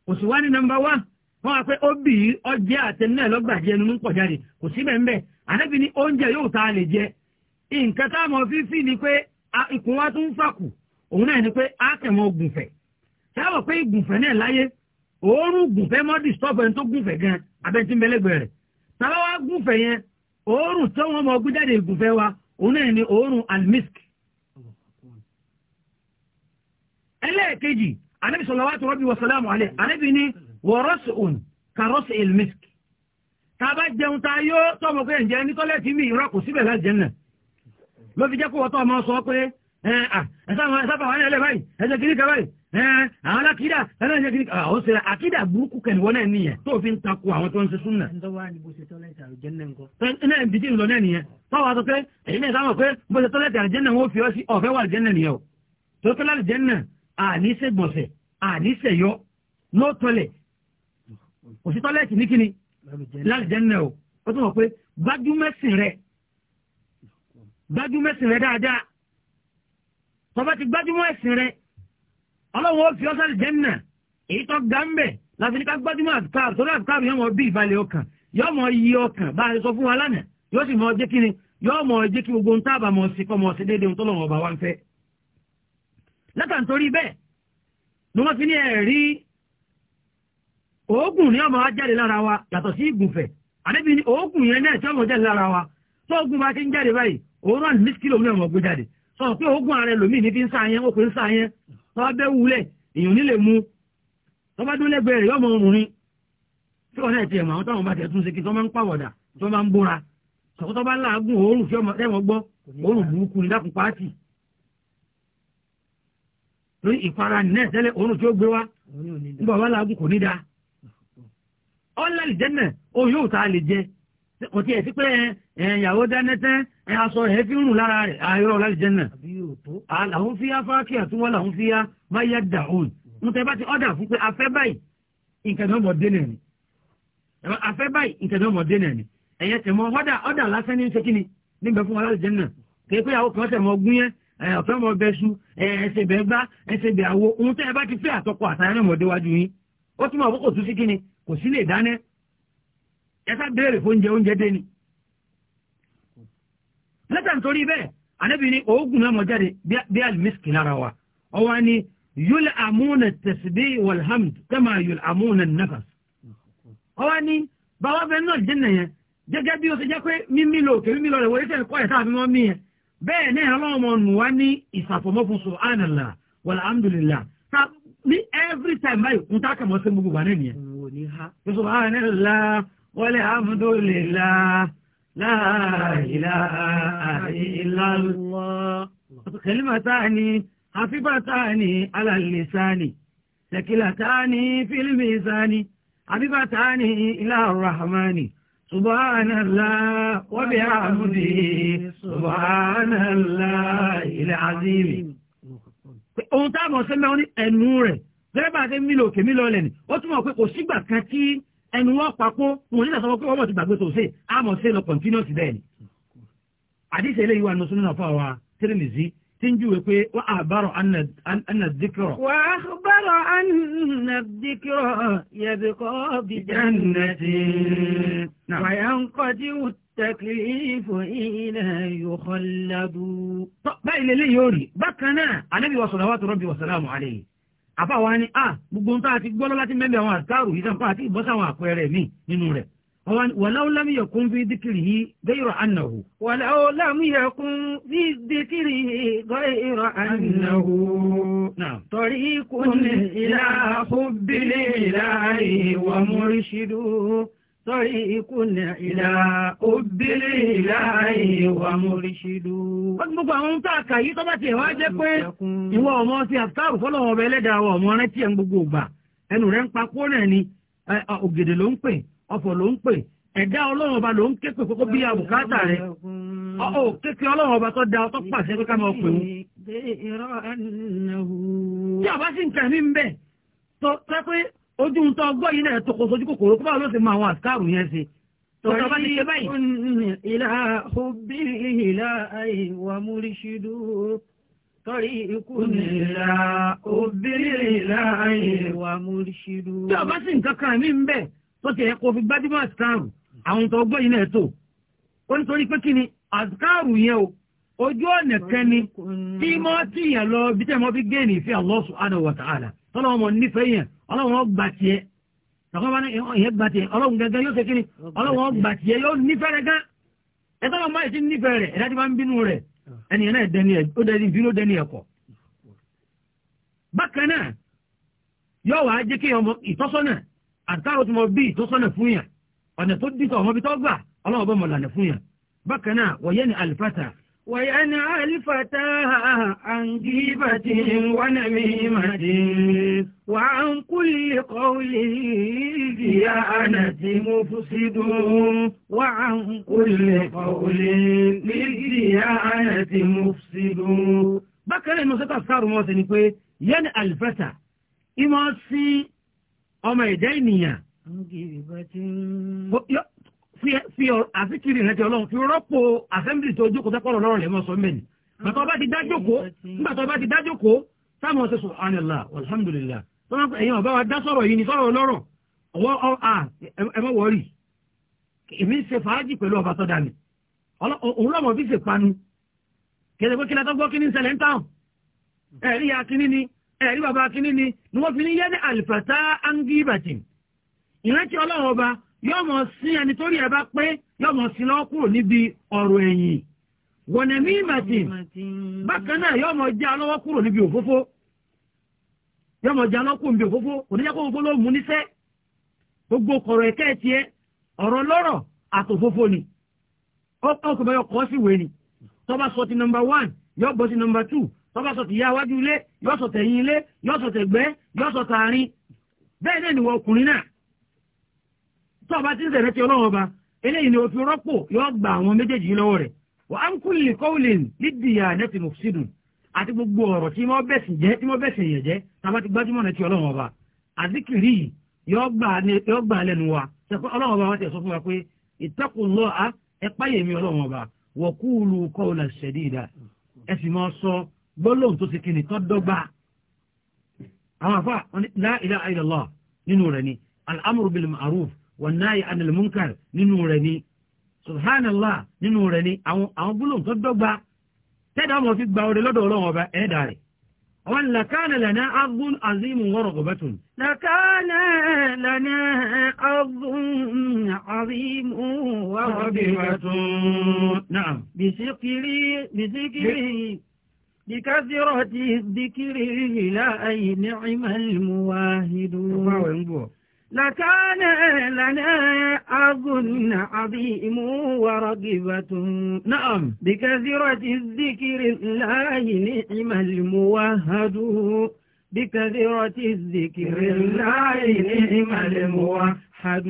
kò wá ní nọmba wán. wọ́n wá pé ó bì í ọjẹ́ àtẹnu náà lọ́gbà jẹ pọ̀ jáde kò síbẹ̀ ńbẹ̀ ànábì ní oúnjẹ yóò ta lè jẹ nǹkan táwọn fífi ni pé ikùn wa tún fàkù òun náà ni pé á tẹ̀wọ̀n gùnfẹ̀ sábà pé gùnfẹ̀ náà láyé òórùn gùnfẹ̀ mọ́ disturb ẹni tó gùnfẹ̀ gan abẹ́ntí rẹ̀ sábà wá gùnfẹ̀ yẹn òórùn tí wọ̀rọ̀sùn kàrọ́sì ilmisk tàbá jẹun ta yóò tọ́mọ pé ǹjẹ́ ní tọ́lẹ́tì mi ìrọ́ kò síbẹ̀ láti jẹun náà ló fi jẹ́ kó wọ́tọ́ ọmọ sọ pé ẹ̀sábà wà ní ẹlẹ́ báyìí ẹ̀sẹ̀ kìíní kan báyìí àwọn alákìídà ẹlẹ́sẹ̀ kìíní kan àwọn òṣèré àkìídà burúkú kẹ̀ níwọ́n náà nìyẹn tó fi ń takò àwọn tó ń ṣe súnà. náà ibi tí ń lọ náà nìyẹn tọ́wọ́ sọ pé èyí náà sábà pé bó ṣe tọ́lẹ́tì àlìjẹ́nà kò sí tọ́lẹ́ẹ̀tì ní kíni lálùjẹ́nà o ó tún mọ̀ pé gbájúmẹ́sìn rẹ gbájúmẹ́sìn rẹ dáadáa tọ́ba ti gbájúmọ́ ẹ̀sìn rẹ ọlọ́run ó fi ọ́ sálùjẹ́nà èyí tó ga ń bẹ̀ láti ní ká gbájúmọ́ àtúkàr torí àtúkàr yóò mọ bí ìbalẹ̀ ọkàn yóò mọ yí ọkàn bá a lè sọ fún wa lánàá yóò sì mọ jẹ́ kíni yóò mọ jẹ́ kí gbogbo nta àbàmọ̀ sí kọ́ mọ̀ sí déédéé ohun tó lọ́wọ́ ọba wa ń fẹ́. látà nítorí bẹ́ẹ̀ ni wọ́n fi ní ẹ̀rí oògùn ní ọmọ ajáde lára wa yàtọ̀ sí ìgùnfẹ̀ àdébí ni oògùn yẹn náà tí ọmọ jáde lára wa tó ogun bá ti ń jáde báyìí òórùn àti ọmọ sọ pé oògùn ara ẹlòmíì ní fi ń sáyẹn ó pè ń sáyẹn tó bá bẹ́ wulẹ̀ èèyàn mu tó bá dún lẹ́gbẹ̀ẹ́ rẹ̀ tí wọn náà àwọn táwọn bá tún ṣe kí tó máa ń ọ̀làlì jẹ́nà òun yóò ta lè jẹ kò tiẹ̀ sí pé ìyàwó dáná tán aṣọ rẹ̀ fi ń rùn lára rẹ̀ ayọ̀rọ̀ ọ̀làlì jẹ́nà làwọn fi yá fákìá tí wọ́n làwọn fi yá máa yá dà òun ń tẹ́ bá ti ọ̀dà fún pé afẹ́ báyìí nǹkan náà mọ̀ dénà ni afẹ́ báyìí nǹkan náà mọ̀ dénà ni ẹ̀yẹ tẹ̀ mọ́ ọ̀dà ọ̀dà lásán ní ń ṣe kíni níbẹ̀ fún ọ̀làlì jẹ́nà kéèkéyàwó kan tẹ̀ mọ́ gún yẹn ọ̀fẹ́ mọ bẹ su ẹsẹ̀ bẹ gbá ẹsẹ̀ bẹ àwo ohun tẹ́ ẹ bá ti fẹ́ àtọkọ àtàyàn náà mọ̀déwájú yín ó túmọ̀ àkókò tún sí kí ni kò sí lè dáná ẹ̀sà béèrè fún oúnjẹ oúnjẹ dé ni. lẹ́tà nítorí bẹ́ẹ̀ anábì ní oògùn náà mọ̀ jáde bí alimiski lára wa ọwọ́ ni yul amúnà tẹ̀sídé walhamd kama yul amúnà nafas. ọwọ́ ni báwa bẹ́ẹ̀ náà jẹ́ nìyẹn gẹ́gẹ́ bí o ṣe jẹ́ pé mímí lò kèmí mi lọ rẹ̀ wọlé tẹ̀lé kọ́ ẹ̀ sáà mọ́ mí yẹn bẹ́ẹ̀ náà ọlọ́run mọ̀ nù ní ìsàfọ̀mọ́ every time báyìí ń tá kàmọ́ sí gbogbo ní ha. subhanallah walhamdulillah la ilaha illallah. kalimatani hafifatani ala lisani sakilatani fil mizani habibatani ila rahmani. سبحان الله وبحمده سبحان الله العظيم ohun tá a mọ̀ sẹ́mẹ́ wọn ní ẹnu rẹ̀ dẹ́rẹ́bà ṣe mílò òkè mílò ọlẹ̀ ni ó túmọ̀ pé kò sígbà kan tí ẹnu wọn papọ̀ wọn nígbà sọ pé wọ́n mọ̀ ti gbàgbé tòṣe àmọ̀ ṣe lọ continuous bẹ́ẹ̀ ni. àdìsẹ́ eléyìí wà ní oṣù nínú ọ̀fọ̀ wa Tirmidhi tí ń júwe pé wọ́n àbárọ̀ anàdìkírọ̀. wà á bárọ̀ anàdìkírọ̀ yẹ̀bìkọ́ bìjánàtì àfa wa ni ah gbogbo ohun tá a ti gbọ́ lọ́la ti mẹ́lẹ̀ àwọn àtàrù yìí sáfà àti ìbọ́sà àwọn àpẹẹrẹ mi nínú rẹ̀ wàláwó lámì yẹ kún fi dìkìrì yìí gẹ́yìrọ̀ ànàwó. wàláwó lámì yẹ kún dìkìrì yìí gẹ́yìrọ̀ ànàwó. torí ní ìlà fún bílẹ̀ ìlà ìwà mọ́ríṣídùú. Sọ́ríkúnà ìlà òbílé ìlà ìwà mọ̀ríṣìlú. Wọ́n gbogbo àwọn tó àkà yìí tó bá ti ẹ̀wà jẹ́ pé ìwọ ọmọ sí àfikáàrù fọ́lọ́wọ́ ọbẹ̀ ẹlẹ́dàá ọmọ rẹ̀ tí ẹ̀ ń gbogbo ògbà. Ẹnu rẹ̀ ń pa kórẹ̀ ni ògèdè ló ń pè, ọ̀fọ̀ ló ń pè, ẹ̀dá ọlọ́run ọba ló ń ké pè kókó bí àbùkátà rẹ̀. Ọ̀ kékeré ọlọ́run ọba tó da ọtọ́ pàṣẹ pé ká máa pè wọ́n. Tí àbá sì ń kẹ̀mí ń bẹ̀ tó tẹ́ pé ojú ń tọ́ ọgbọ́ yìí náà tó kò sojú kòkòrò kó báwo ló ti mọ àwọn àsìkáàrù yẹn ṣe. tọ́ka bá ti ṣe báyìí. ìlà òbí ìlà àìwà múríṣídú tọ́rí ikú nìlà òbí ìlà àìwà múríṣídú. tí ọba sì nǹkan kan mí ń bẹ̀ tó ti yẹ fi gbájúmọ́ àsìkáàrù àwọn tó ọgbọ́ yìí náà tó. ó ní torí pé kí ni àsìkáàrù yẹn o ojú ọ̀nà kan ni tí mọ́ tìyàn lọ bí tẹ́ mọ́ fi gé ọlọ́run gba tiẹ̀ tọ́kọ́ bá ní ìyẹn gba tiẹ̀ ọlọ́run gẹ́gẹ́ yóò ṣe kí ni ọlọ́run gba tiẹ̀ yóò nífẹ̀ẹ́ rẹ̀ gan ẹ̀tọ́ lọ́mọ yìí ti nífẹ̀ẹ́ rẹ̀ ẹ̀dá ti máa ń bínú rẹ̀ ẹnìyẹn náà dẹni ẹ̀ ó dẹni bínú dẹni ẹ̀kọ́. bákan náà yóò wá jẹ́ kí ọmọ ìtọ́sọ́nà àtàrò tí mo bí ìtọ́sọ́nà fún yàn ọ̀nà tó dìtọ̀ ọmọ bí tó gbà ọlọ́run bọ́ وينهى الفتى عن جيبة ونميمة وعن كل قول بديانة مفسد وعن كل قول بديانة مفسد bákan náà sọ́tà sáàrùn wọn sí ni pé yẹn alifẹ́ta ìmọ̀ sí ọmọ ẹ̀dá fi àfikiri rẹ ti ọlọ́run fi rọ́pò assembly tó jókòó tẹ́kọ̀ọ́ lọ́rọ̀ lẹ́mọ̀ sọ mẹ́ni gbàtọ́ bá ti dájókòó gbàtọ́ bá ti dájókòó táwọn ọ̀sẹ̀ subhanallah alhamdulillah tó máa ń pẹ́ ẹ̀yin ọ̀bá wa dá sọ̀rọ̀ yìí ni sọ̀rọ̀ lọ́rọ̀ ọwọ́ ọ̀hà ẹ má wọ́ọ̀rì èmi ń ṣe fàájì pẹ̀lú ọba sọ́dà mi òun lọ́mọ fi ṣe panu kẹsẹ̀ pé kí látọ́ gbọ́ kíní ṣẹlẹ̀ ń tàn ẹ̀rí ya kíní ni ẹ̀rí bàbá kíní ni ni wọ́n fi ní yẹ́ni àlìfàtà angibatin ìrántí ọlọ́run ọba yóò mọ̀ sí ẹni tó rí ẹ bá pé yóò mọ̀ sí lọ́wọ́ kúrò níbi ọ̀rọ̀ ẹ̀yìn wọ̀nẹ̀mí ìmàtìn bákan náà yóò mọ̀ já lọ́wọ́ kúrò níbi òfófó yóò mọ̀ já lọ́wọ́ kúrò níbi òfófó kò òfófó ló mú níṣẹ́ gbogbo kọ̀rọ̀ ẹ̀kẹ́ tiẹ̀ ọ̀rọ̀ lọ́rọ̀ àtòfófó ni ọkọ̀ bẹ́ẹ̀ kọ́ sí wèé ni tọ́ba sọ ti nọmba one yóò bọ́ sí nọmba two tọ́ba sọ ti yá wájú ilé yóò sọ tẹ̀yìn ilé yóò sọ tẹ̀gbẹ́ yóò sọ tààrin bẹ́ẹ̀ náà ni wọ́n ọkùnrin náà tó ọba tí ń sẹ̀rẹ̀ ti ọlọ́wọ́ ọba eléyìí ni òfin rọ́pò yóò gba àwọn méjèèjì lọ́wọ́ rẹ̀ wà á ń kú lè kọ́wùlìn lídìyà nẹ́tì mufsidun àti gbogbo ọ̀rọ̀ tí wọ́n bẹ̀sìn jẹ́ tí wọ́n bẹ̀sìn yẹ̀ jẹ́ tàbá ti gbájúmọ̀ nẹ́tì ọlọ́wọ́ ọba àdìkìrì yìí yóò gbà lẹ́nu wa sẹ́kọ́ ọlọ́wọ́ ọba wọn ti sọ fún wa pé ìtẹ́kùnlọ́ a nínú rẹ̀ ni al-amru bil wọ̀nàyí anilmunkar nínú rẹ̀ ni subhanallah nínú rẹ̀ ni àwọn àwọn gbólóhùn tó dọ́gba tẹ́dá ọmọ fi gba orí lọ́dọ̀ ọlọ́run ọba ẹ̀ẹ́dà rẹ̀ àwọn làkàna lànà azun azimu wọ́rọ̀ gọ̀bẹ́tùn. làkàna lànà azun azimu wọ́rọ̀ gọ̀bẹ́tùn. naam. bisikiri bisikiri. بكثرة الذكر لا أي نعم المواهدون لكان لنا عظم عظيم ورقبة نعم بكثرة الذكر الله نعم الموهد بكثرة الذكر الله نعم الموحد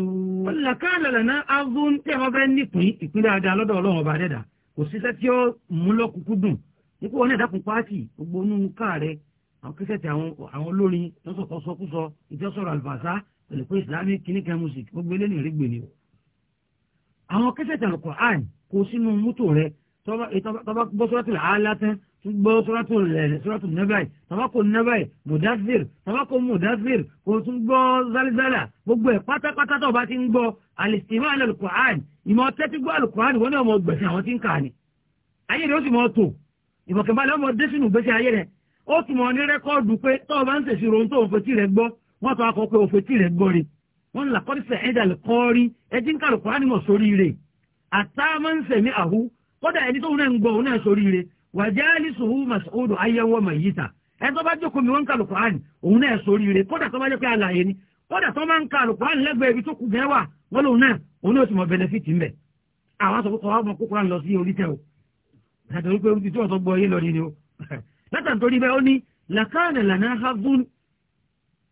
لكان لنا عظم tẹ́wọ́fẹ́ nípìn ìpín dáadáa lọ́dọ̀ ọlọ́run ọba dẹ́dà kò síṣẹ́ tí ó mú lọ́kùnkún dùn nípò wọn ní ẹ̀dá kun pààtì gbogbo onú káàrẹ̀ àwọn kẹsẹ̀tì àwọn olórin lọ́sọ̀kọ́sọkúsọ ìjọsọ̀rọ̀ àlùfàṣà pẹ̀lú pé islamic clinical music gbogbo eléyìí rí ni o. àwọn kẹsẹ̀tì alukur'an kò sínú mọ́tò rẹ tọ́ba eh, gbọ́ sọ́rọ́tò alátẹ́ gbọ́ sọ́rọ́tò sọ́rọ́tò nẹ́bàì tọ́ba kò nẹ́bàì mudazir tọ́ba kò mudazir kò tún gbọ́ zalizala gbogbo ẹ̀ pátápátá tọ́ba ti ń gbọ́ alistima alukur'an ìmọ̀ tẹ́tí gbọ́ alukur'an wọn ni ọmọ gbẹ̀sìn àwọn ti ń kà ní. ayé rẹ̀ ó sì mọ̀ tó ìmọ̀kànbalẹ̀ ọmọ dé sínú gbèsè ayé rẹ̀ ó tún mọ̀ ní rẹ́kọ́ọ̀dù pé tọ́ba ń tẹ̀sí rohun tó ń fetí rẹ̀ gbọ́ wọ́n tún akọ pé òfetí rẹ̀ gbọ́re wọ́n là kọ́dísẹ̀ ẹ̀dà kọ́ọ́rí ẹtí ń kàrò kọ́ránì mọ̀ sórí rẹ̀ àtàmọ́nsẹ̀ ní àhú kọ́dà ẹni tó náà ń gbọ́ náà sórí rẹ̀ wàjáàlì sùhù màsòdò ayẹwo màyíta ẹ tó bá jókòó mi wọ́n ń kàrò kọ́ránì òun náà sórí rẹ̀ kọ́dà tó bá jẹ́ pé àlàyé ni kọ́dà tó máa ń kàrò kọ́ránì lẹ́gbẹ̀ẹ́ ibi tó kù gẹ́ wà wọ́n lòun náà òun náà sì mọ bẹnẹfìtì ń bẹ̀ àwọn sọ kókò àwọn kókò lọ sí orí tẹ o látàrí pé orí tí wọ́n sọ gbọ́ yé lọ ni o látàrí havun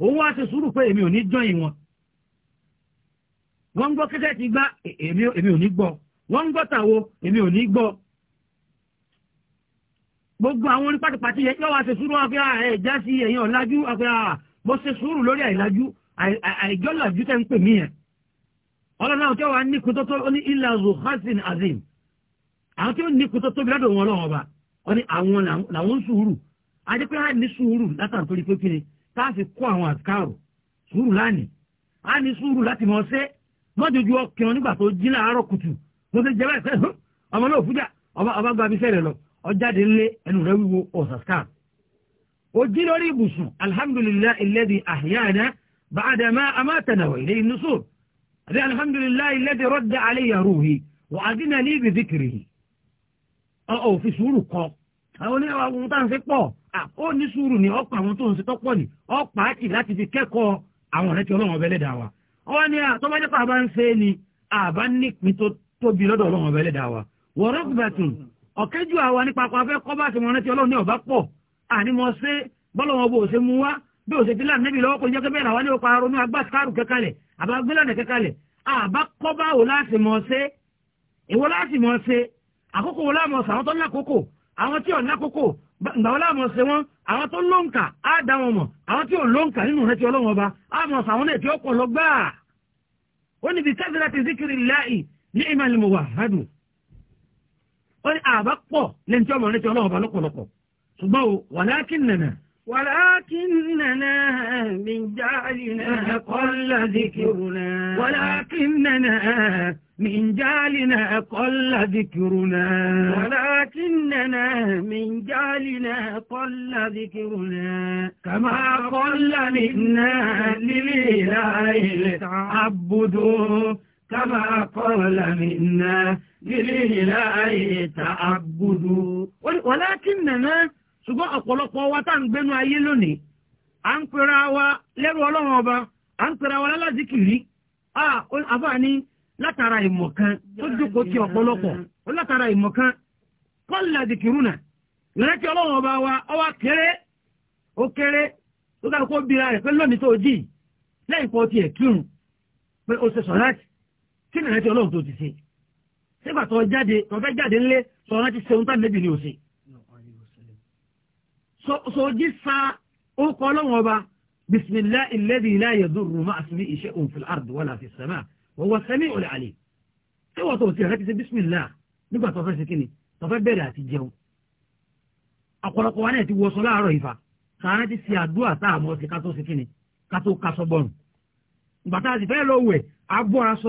òun wá ṣe sùúrù pé èmi ò ní jọ́ ìwọ̀n wọ́n ń gbọ́ kẹ́kẹ́ ti gbá èmi ò ní gbọ́ wọ́n ń gbọ́ tàwo èmi ò ní gbọ́ gbogbo àwọn orí pátápátá yẹn yọ́ wá ṣe sùúrù wọn pé ah, ẹ̀ já sí ẹ̀yìn ọ̀làjú pé mo ṣe sùúrù lórí àìlájú àìjọ́làjú tẹ́ ń pè mí yẹn ọlọ́run àwọn tí ní kutó ní ilà zuhasin azim àwọn tí wọ́n ní kutó tóbi lọ́dọ̀ wọn lọ́wọ́ ọba wọ́n ní àwọn làwọn sùúrù adé pé á ní sùúrù látàrí pé kí ni tá a fi kó àwọn àkàrò sùúrù lánìí a ní sùúrù láti mọ ṣe mọ́jọ́jú ọkàn nígbà tó jí láàárọ̀ kùtù mo ti jẹ́ báyìí sẹ́yìn ọmọ náà fújà ọba gba abisẹ́ rẹ̀ lọ ọjáde ńlé ẹnu rẹ̀ wíwo ọ̀sàkà ó jí lórí ibùsùn alhamdulillahi alladhi ahyana ba'da ma amatana wa ilayhi nusur àbí alhamdulillahi alladhi radda alayya ruhi wa adina li ọ̀ òfin sùúrù kọ àwọn oníyàwó àwọn ohun tá à ń fi pọ̀ ó ní sùúrù ni ọ̀pọ̀ àwọn tó ń ṣe tọ́pọ̀ ni ọ̀pọ̀ àti láti fi kẹ́kọ̀ọ́ àwọn ọ̀rẹ́ tí ọlọ́run ọbẹ̀ lẹ́dàá wa wọ́n ní àtọ́bájẹ́pọ̀ àbá ń ṣe ni àbá nípìn tó tóbi lọ́dọ̀ ọlọ́run ọbẹ̀ lẹ́dàá wa wọ́n rọ́gbẹ̀tùn ọ̀kẹ́jù àwa nípa kọ́ afẹ́ kọ́ bá ṣe mọ̀ rántí ọlọ́run ní ọ̀bá pọ̀ àní mo ṣe bọ́lọ́wọ́ bó ṣe mú wá bí òṣè fílà níbi lọ́wọ́ kò jẹ́ pé bẹ́ẹ̀ làwọn ní ọkọ̀ arọ́nú agbáṣkárù kẹkalẹ̀ àbá gbẹ́lànà kẹkalẹ̀ àbá kọ́ báwo láti mọ̀ àwọn tí ò ń gbàwọ́ láàmọ̀ ṣe wọ́n àwọn tó lóǹkà á dá wọn mọ̀ àwọn tí ò lóǹkà nínú rẹ ti ọlọ́wọ́n ọba á mọ̀ sàwọn náà tí ó pọ̀ lọ gbáà ó níbi kásìlá ti zikiri láì ní ìmọ̀ ni mo wà hádùn ó ní àbá pọ̀ lẹ́ni tí ọmọ rẹ ti ọlọ́wọ́n ọba lọ́pọ̀lọpọ̀ ṣùgbọ́n wàlákìn nànà ولكننا من جعلنا قل ذكرنا ولكننا من جعلنا قل ذكرنا ولكننا من جعلنا قل ذكرنا كما قل منا للإله تعبدوا كما قل منا للإله تعبدوا ولكننا ṣùgbọ́n ọ̀pọ̀lọpọ̀ wa tá à ń gbénu ayé lónìí à ń pera wa lẹ́rù ọlọ́run ọba à ń pera wa lálàzíkìrí àbáni látara ìmọ̀ kan tó jókòó ti ọ̀pọ̀lọpọ̀ ó látara ìmọ̀ kan nà ọlọ́run ọba wa ọwa kéré ó kéré kó bira rẹ̀ pé lónìí tó lẹ́yìn pọ̀ tiẹ̀ kírun pé ó ṣe kí ọlọ́run tó ti ṣe sọjí sa orúkọ uh, ọlọ́wọ́n ọba bisimilahi alladhi la yadurru ma'a ismihi shay'un fil ardi wala fis samaa wa huwa as-sami'ul 'alim ṣé wọ́n tó ti rẹ́ ti ṣe bisimilah nígbà tó fẹ́ ṣe kíni tó fẹ́ bẹ̀rẹ̀ àti jẹun ọ̀pọ̀lọpọ̀ wa náà ti wọṣọ láàárọ̀ ìfà sàárẹ̀ ti ṣe àdúrà tá a mọ̀ ṣe ká tó ṣe kíni ká tó kaṣọ bọ̀rùn bàtà àti fẹ́ lọ wẹ̀ abọ́ aṣọ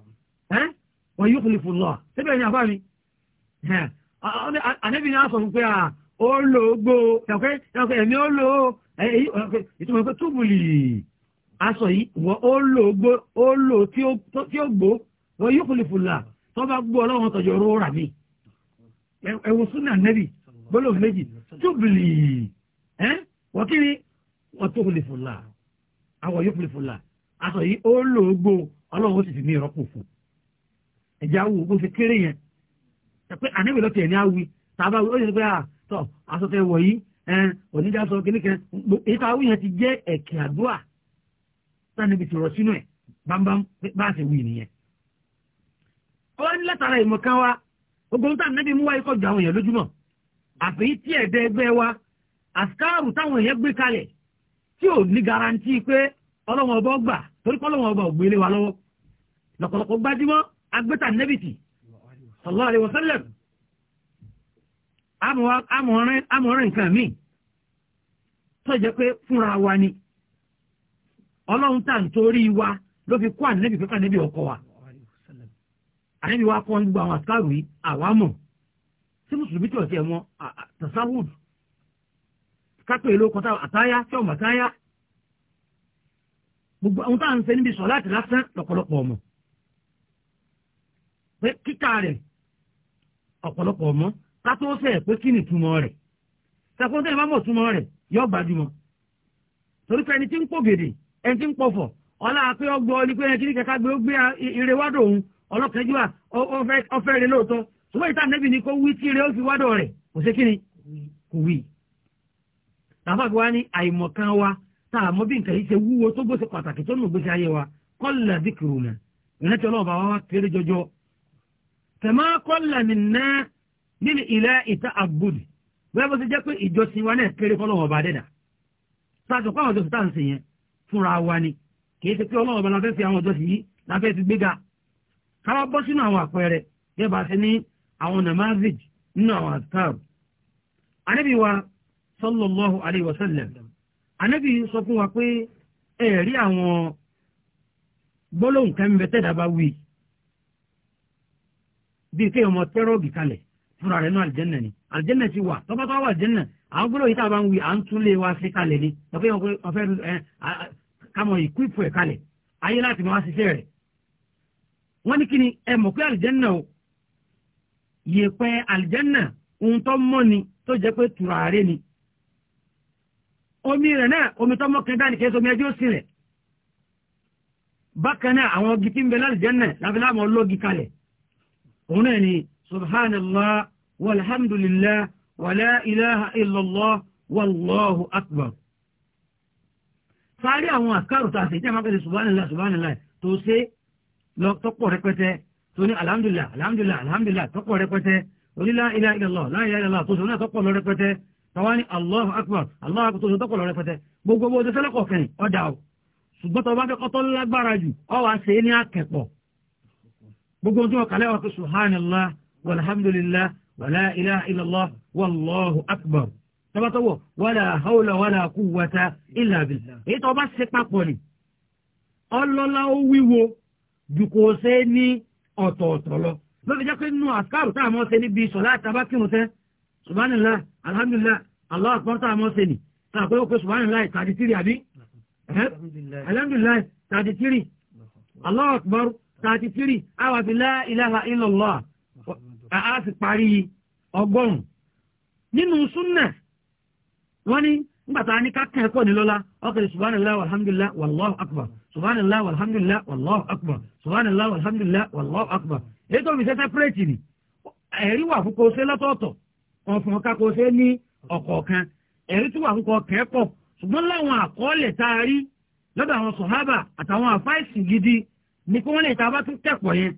wọ́n yóò kúlì fún lọ síbẹ̀ ní àfáà mi ànẹ́bí ni a sọ fún pé ó lò ó gbó ẹ̀kọ́ ẹ̀mí ó lò ó ìtumọ̀ pé túbùlì aṣọ yìí wọ́n ó lò ó gbó ó lò ó tí ó gbó wọ́n yóò kúlì fún lọ tó bá gbó rà mí ẹ̀wọ̀n méjì túbùlì wọ́n kí ni wọ́n ẹ̀jẹ̀ awo bó ṣe kéré yẹn pé àníbi lọ́tì ẹ̀ ní awi tàbá ó yẹ pé tọ́ aṣọ tẹ wọ̀ yìí onídàá sọ kíní kan èyí tá awi yẹn ti jẹ́ ẹ̀kẹ́ àdúrà sanibi ti rọ̀ sínú ẹ̀ bámbám bá a ṣe wí nìyẹn. ó ní látara ìmọ̀ kan wa ogun tá ànábì mú wáyé kọjú àwọn èèyàn lójúmọ́ àfi tí ẹ̀dẹ́ ẹgbẹ́ wa àsikáàrù táwọn èèyàn gbé kalẹ̀ tí ò ní garanti pé ọlọ́wọ́n ọba ọgbà torí kọ́ ọlọ́wọ́n ọba ògbélé wa lọ́wọ́ lọ́kọ̀lọ́kọ̀ gbajúmọ́ agbẹ́ta nẹ́bìtì sallallahu alaihi wasallam amọ̀rin nǹkan mi tó jẹ́ pé fúnra wa ni ọlọ́run tá à ń torí wa ló fi kó ànẹ́bì pé ànẹ́bì ọkọ wa ànẹ́bì wa kọ́ gbogbo àwọn àkàrò yìí àwa mọ̀ tí mùsùlùmí tí ọ̀tí ẹ̀ mọ́ tasawud kápẹ́ ìlú kọta àtáyá tí ọmọ àtáyá gbogbo àwọn tá à ń ṣe níbi sọ̀ láti lásán lọ́pọ̀lọpọ̀ ọmọ. pé kíkà rẹ̀ ọ̀pọ̀lọpọ̀ ọmọ ká tó fẹ́ pé kí ni rẹ̀ rẹ̀ yọ gbajúmọ̀ torí pé ẹni tí ń pò gèdè ẹni tí ń pọ̀fọ̀ ọlá pé ni pé ẹni kẹ́kẹ́ gbé ó gbé ire wádò òun ọlọ́kẹ́jú ọfẹ́ rẹ lóòótọ́ ṣùgbọ́n ìta nẹ́bì ni kó wí tí ire ó fi wádò rẹ̀ kò sí kíni kò wí. tàbá a mọ bí nǹkan yìí ṣe wúwo tó gbèsè pàtàkì tó nù gbèsè ayé wa tẹ̀mọ́ kọ́lá mi ná nínú ilẹ̀ ìta àbúdì bẹ́ẹ̀ bó ti jẹ́ pé ìjọsìn wa náà kéré fọlọ́wọ́ ọba dẹ́dà sàtò kọ́ àwọn ìjọsìn táà ń sè yẹn fúnra wa ni kìí ṣe pé ọlọ́wọ́ ọba la fẹ́ fi àwọn ìjọsìn yìí la fẹ́ fi gbéga káwá bọ́ sínú àwọn àpẹẹrẹ yẹ bá ṣe ní àwọn namazij nínú àwọn azkar anabi wa sallallahu alayhi wa sọ fún wa pé ẹ̀rí àwọn gbólóhùn kan bẹ tẹ́dà bá bíi kéèyàn mọ tẹ́rọ̀gì kalẹ̀ fúnra rẹ̀ náà àlìjẹ́nà ni àlìjẹ́nà ti wà tọ́pátọ́ wà àlìjẹ́nà àwọn gbọ́dọ̀ yìí tá a bá ń wí à ń tún lé wa sí kalẹ̀ ni tọ́pẹ́ yẹn wọ́n fẹ́ kamọ̀ ìkúìpù ẹ̀ kalẹ̀ ayé láti máa ṣiṣẹ́ rẹ̀ wọ́n ní kí ni ẹ mọ̀ pé àlìjẹ́nà o yèpẹ́ àlìjẹ́nà ohun tó mọ́ ni tó jẹ́ pé tùràrí ni omi rẹ̀ náà omi tó mọ́ kẹta nìkẹ́ sómi ẹjọ́ sí rẹ̀ bákan náà àwọn igi tí ń bẹ lálìjẹ́nà láfi láàmú ọlọ́gi kalẹ̀ òun náà ni subhanallah walhamdulillah wàlá ilaha illallah wallahu akbar sáré àwọn àkàrò tá a ṣe jẹ́ àmọ́kẹ́sẹ̀ subhanallah subhanallah tó ṣe lọ tọ́pọ̀ rẹpẹtẹ tó ní alhamdulillah alhamdulillah alhamdulillah tọ́pọ̀ rẹpẹtẹ onílá ilá ilẹ̀lọ́ láyé ilẹ̀lọ́ tó ṣe náà tọ́pọ̀ lọ rẹpẹtẹ tọ́wá ní allahu akbar allahu akbar tó ṣe tọ́pọ̀ lọ rẹpẹtẹ gbogbo bó ṣe sẹ́lẹ̀kọ̀ fẹ̀yìn ọ̀dà o ṣùgbọ́n tó bá fẹ́ kọ́tọ́ lágbára jù ọ wá ṣe é ní akẹ́pọ̀ gbogbo tó kàlẹ́ ọ̀tọ̀ subhanallah walhamdulillah wàlá ilaha illallah wallahu akbar tọ́bátọ́wọ̀ wàlá hawla wàlá quwwata illa billah èyí tó bá ṣe papọ̀ ni ọlọ́lá ó wíwo jù kò ṣe ní ọ̀tọ̀ọ̀tọ̀ lọ lọ́bi jẹ́ pé nínú àkàrù tá a mọ̀ ṣe níbi sọ̀lá àtàbá kírun tẹ́ subhanallah alhamdulillah allah akbar tá a mọ̀ ṣe nì tá a pé ó pé subhanallah tàdí àbí alhamdulillah tàdí tírì allah thirty three àwa fi la ilaha illallah àá sì parí ọgọ́rùn-ún nínú súnà wọ́n ní ngbàtà ní ká kẹ́kọ̀ọ́ ní lọ́la ọkẹ̀lẹ̀ subhanallah walhamdulillah wallahu akbar subhanallah walhamdulillah wallahu akbar subhanallah walhamdulillah wallahu akbar èyí tó fi ṣe sẹ́pẹ́rẹ́tì ni ẹ̀rí wà fún kò ṣe lọ́tọ̀ọ̀tọ̀ ọ̀fun ọ̀ka kò ṣe ní ọ̀kọ̀ọ̀kan ẹ̀rí tó wà fún kò kẹ́kọ̀ọ́ ṣùgbọ́n láwọn àkọọ́lẹ̀ tá a rí lọ́dọ̀ àwọn sọ̀hábà àtàwọn àfáìsì gidi ní kí wọ́n lè ta bá tún kẹ́kọ̀ọ́ yẹn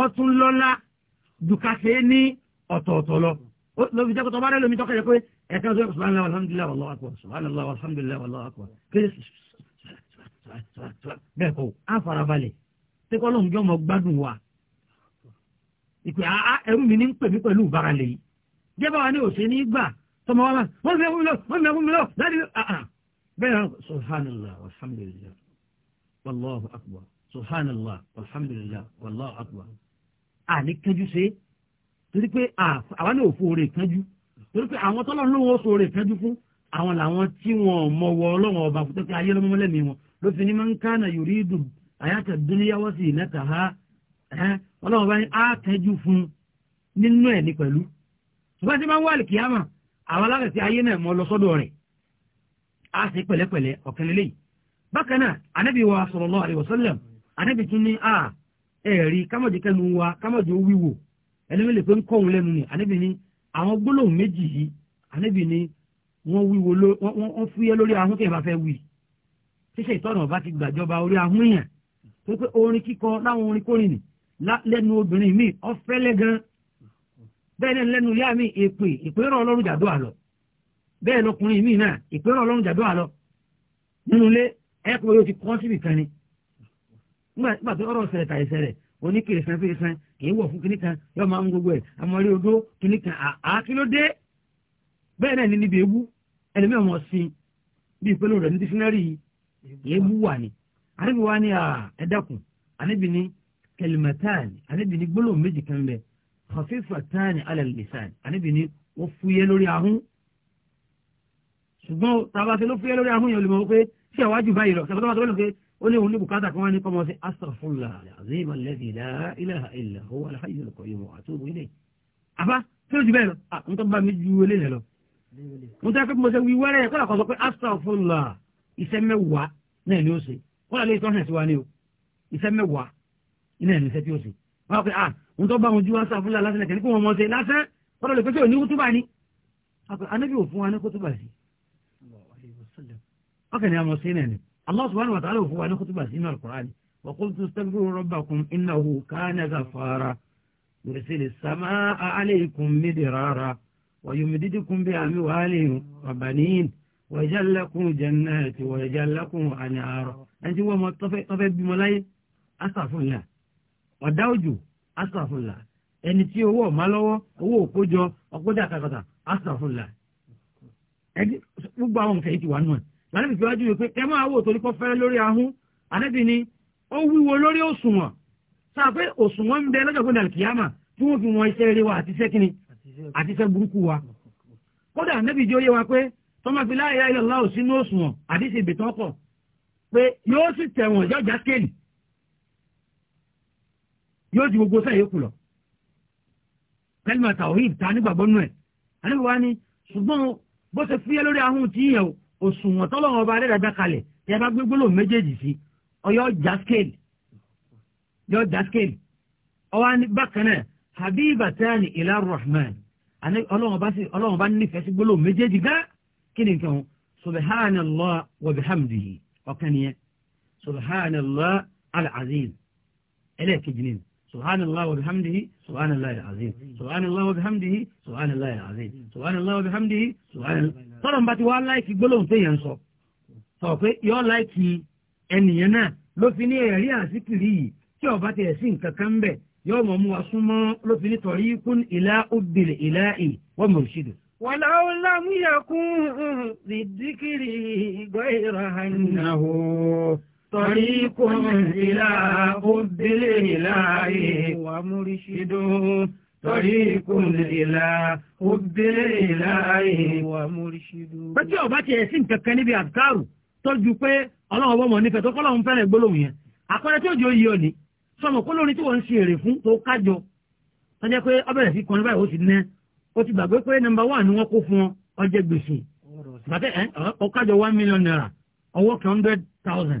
ọtún lọ́lá dùkàṣe ní ọ̀tọ̀ọ̀tọ̀ lọ lóbi jẹ́ kó tọ́ba rẹ̀ lómi tọ́ka yẹ pé ẹ̀ka ọ̀sọ́ yẹ subhanallah alhamdulilayi wallahu akbar subhanallah alhamdulilayi wallahu akbar kí bẹ́ẹ̀ kọ́ á farabalẹ̀ tí kọ́ lóun jọ́ mọ́ gbádùn wa ìpè ẹrú mi ní ń pè mí pẹ̀lú ìbáralẹ̀ yìí jẹ́ báwa ni òsè ní gbà tọmọ wa wọ́n fi ẹkún mi lọ wọ́n fi ẹkún mi lọ láti ah, ah. bẹ́ẹ̀ subhanallah alhamdulilayi wallahu akbar subhanallah alhamdulillah wallahu akbar àní kánjú ṣe torí pé àwa ní òfò rè kánjú torí pé àwọn tọ́lọ́ ló wọ́n sọ rè kánjú fún àwọn làwọn tí wọn mọ wọ ọlọ́wọ́n ọba kó tó pé ayé lọ́mọ lẹ́mìí wọn ló fi ní man kana yuridu hayata dunya wa zinataha ọlọ́wọ́n bá ní á kánjú fún nínú ẹ̀ ní pẹ̀lú ṣùgbọ́n tí máa wà lè kíyàmà àwọn alágbèsè ayé náà mọ lọ rẹ̀ á sì pẹ̀lẹ́pẹ̀lẹ́ ọ̀kan bákan náà anábìwọ̀ sallallahu alaihi wasallam ànábì tún ní a ah, ẹ̀rí kámọ̀jẹ́kẹ́nu wa kámọ̀jẹ́ ó wíwò ẹlẹ́mi lè pé ń kọ́hún lẹ́nu ni ànábì ní àwọn gbólóhùn méjì yìí ànábì ní wọ́n wíwo wọ́n fúyẹ́ lórí ahọ́n kí ẹ̀ bá fẹ́ wí ṣíṣe ìtọ́nà ọba ti gbàjọba orí ahọ́n èèyàn tó pé orin kíkọ láwọn orin kórìn nì lẹ́nu obìnrin mi ọ̀fẹ́lẹ́ gan bẹ́ẹ̀ náà lẹ́nu ìyá mi èpè ìpérò ọlọ́run jàdó àlọ́ bẹ́ẹ̀ lọkùnrin mi náà ìpérò ọlọ́run jàdó àlọ́ nínú ilé ẹ̀kọ́ yóò ti kọ́ síbi kan ni nígbà tó ọ̀rọ̀ ṣẹlẹ̀ tàyè ṣẹlẹ̀ oníkèrè san fèrè san kìí wọ̀ fún kìnìkan yóò máa ń gbogbo ẹ̀ amọ̀rí odó kìnìkan àákílódé bẹ́ẹ̀ náà ní níbi ewu ẹlẹ́mí ọmọ sin bíi pẹ̀lú rẹ̀ ní dísínárì ewu wà ní àníbi wà ní ẹ̀dẹ́kùn àníbi ní kẹlìmẹ̀tàn àníbi ní gbólóhùn méjì kan bẹ kọfífàtàn alẹ́lẹ́sàn àníbi ní ó fúyẹ́ lórí ahọ́n ṣùgbọ́n tàbá ṣe ló fúyẹ́ lórí ahọ́n yẹn olùmọ̀ wípé ṣé àwájú báyìí lọ ó ní òun ní bùkátà kan wá ní kọ́mọ sí astaghfirullah al-azim alladhi la ilaha illa huwa al-hayy al-qayyum wa atubu ilayh àbá tí ó ti bẹ́ẹ̀ lọ àwọn tó bá mi ju ilé lẹ̀ lọ. mo tẹ́ pé mo ṣe wí wẹ́rẹ́ kọ́lá kan sọ pé astaghfirullah iṣẹ́ mẹ́wàá náà ni ó ṣe kọ́lá lè tọ́hìn sí wa ní o iṣẹ́ mẹ́wàá iná ẹ̀ iṣẹ́ tí ó ṣe. wọ́n á pè à mo tọ́ bá wọn ju astaghfirullah ọkàn ni a mọ̀ sí náà ni. Allah subhanahu wa ta'ala fún wa ní kútùbà sínú al-Qur'ani wa qultu astaghfiru rabbakum innahu kana ghafara yursilis samaa'a 'alaykum midrara wa yumdidukum bi amwalin wa banin wa yaj'al lakum jannatin wa yaj'al lakum anhara ẹnití wọ́n mọ tọ́fẹ́ bímọ láyé astaghfirullah ọ̀dá òjò astaghfirullah ẹni tí owó ọ̀ma lọ́wọ́ owó òkójọ ọkọ́jà kàkàtà astaghfirullah gbogbo àwọn nǹkan yìí ti wà nù ẹ̀ lánàbì fi wájú pé ẹ máa wò torí kọ́ fẹ́rẹ́ lórí ahun ànábì ni ó wíwo lórí òṣùwọ̀n sáà pé òṣùwọ̀n ń bẹ lọ́jọ́ gbọ́dọ̀ kìyàmà tí wọ́n fi wọn iṣẹ́ rere wa àti iṣẹ́ kíni àti iṣẹ́ burúkú wa kódà ànábì jẹ́ òye wa pé tọ́mọ fi láàyè ayé lọ́la òsínú òṣùwọ̀n àti ìṣe ìbìtàn ọkọ̀ pé yóò sì tẹ̀wọ̀n yọjà kéèlì yóò di gbogbo sẹ́yìn kù lọ kẹ́lí òṣùwọ̀n tọ́lọ́wọ́n ọba adẹ́dàgbà kalẹ̀ tẹ́ bá gbé gbólóhùn méjèèjì sí ọyọ́ já scale yọ já scale ọwọ́ bákan náà habibatani ila rahman ọlọ́wọ́n bá sì ọlọ́wọ́n bá nífẹ̀ẹ́ sí gbólóhùn méjèèjì gán kí ni nǹkan subhanallah wa bihamdihi ọ̀kan nìyẹn subhanallah al-azim ẹlẹ́ẹ̀kejì nìyẹn سبحان الله وبحمده سبحان الله العظيم سبحان الله وبحمده سبحان الله العظيم سبحان الله وبحمده سبحان الله tọ́lọ̀ bá ti wá láìkí gbólóhùn téèyàn sọ sọ pé yọ láìkí ẹnìyàn náà ló fi ní ẹ̀rí àsìkìrì yìí tí ọba ti ẹ̀sìn kankan ń bẹ̀ yọ mọ̀ mú wa súnmọ́ ló fi ní tọ̀rí kún ìlà òbílẹ̀ ìlà ì wọ́n mọ̀ ṣìdù. ولو لم يكن بالذكر غير أنه طريق إلى حب الإله ومرشد طريق إلى حب الإله ومرشد bẹ́tí ọba ti ẹ̀ sí nkankan níbi àdúkàrù tọ́jú pé ọlọ́run ọba ọmọ nífẹ̀ẹ́ tó kọ́lọ́run fẹ́rẹ̀ gbólóhùn yẹn àkọ́rẹ́ tí ó jẹ́ oyè òní sọmọ kó lórí tí wọ́n ń ṣe èrè fún tó kájọ tọ́jẹ́ pé ọbẹ̀rẹ̀ sí kọrin báyìí ó ti ná ó ti gbàgbé pé nọ́mbà wà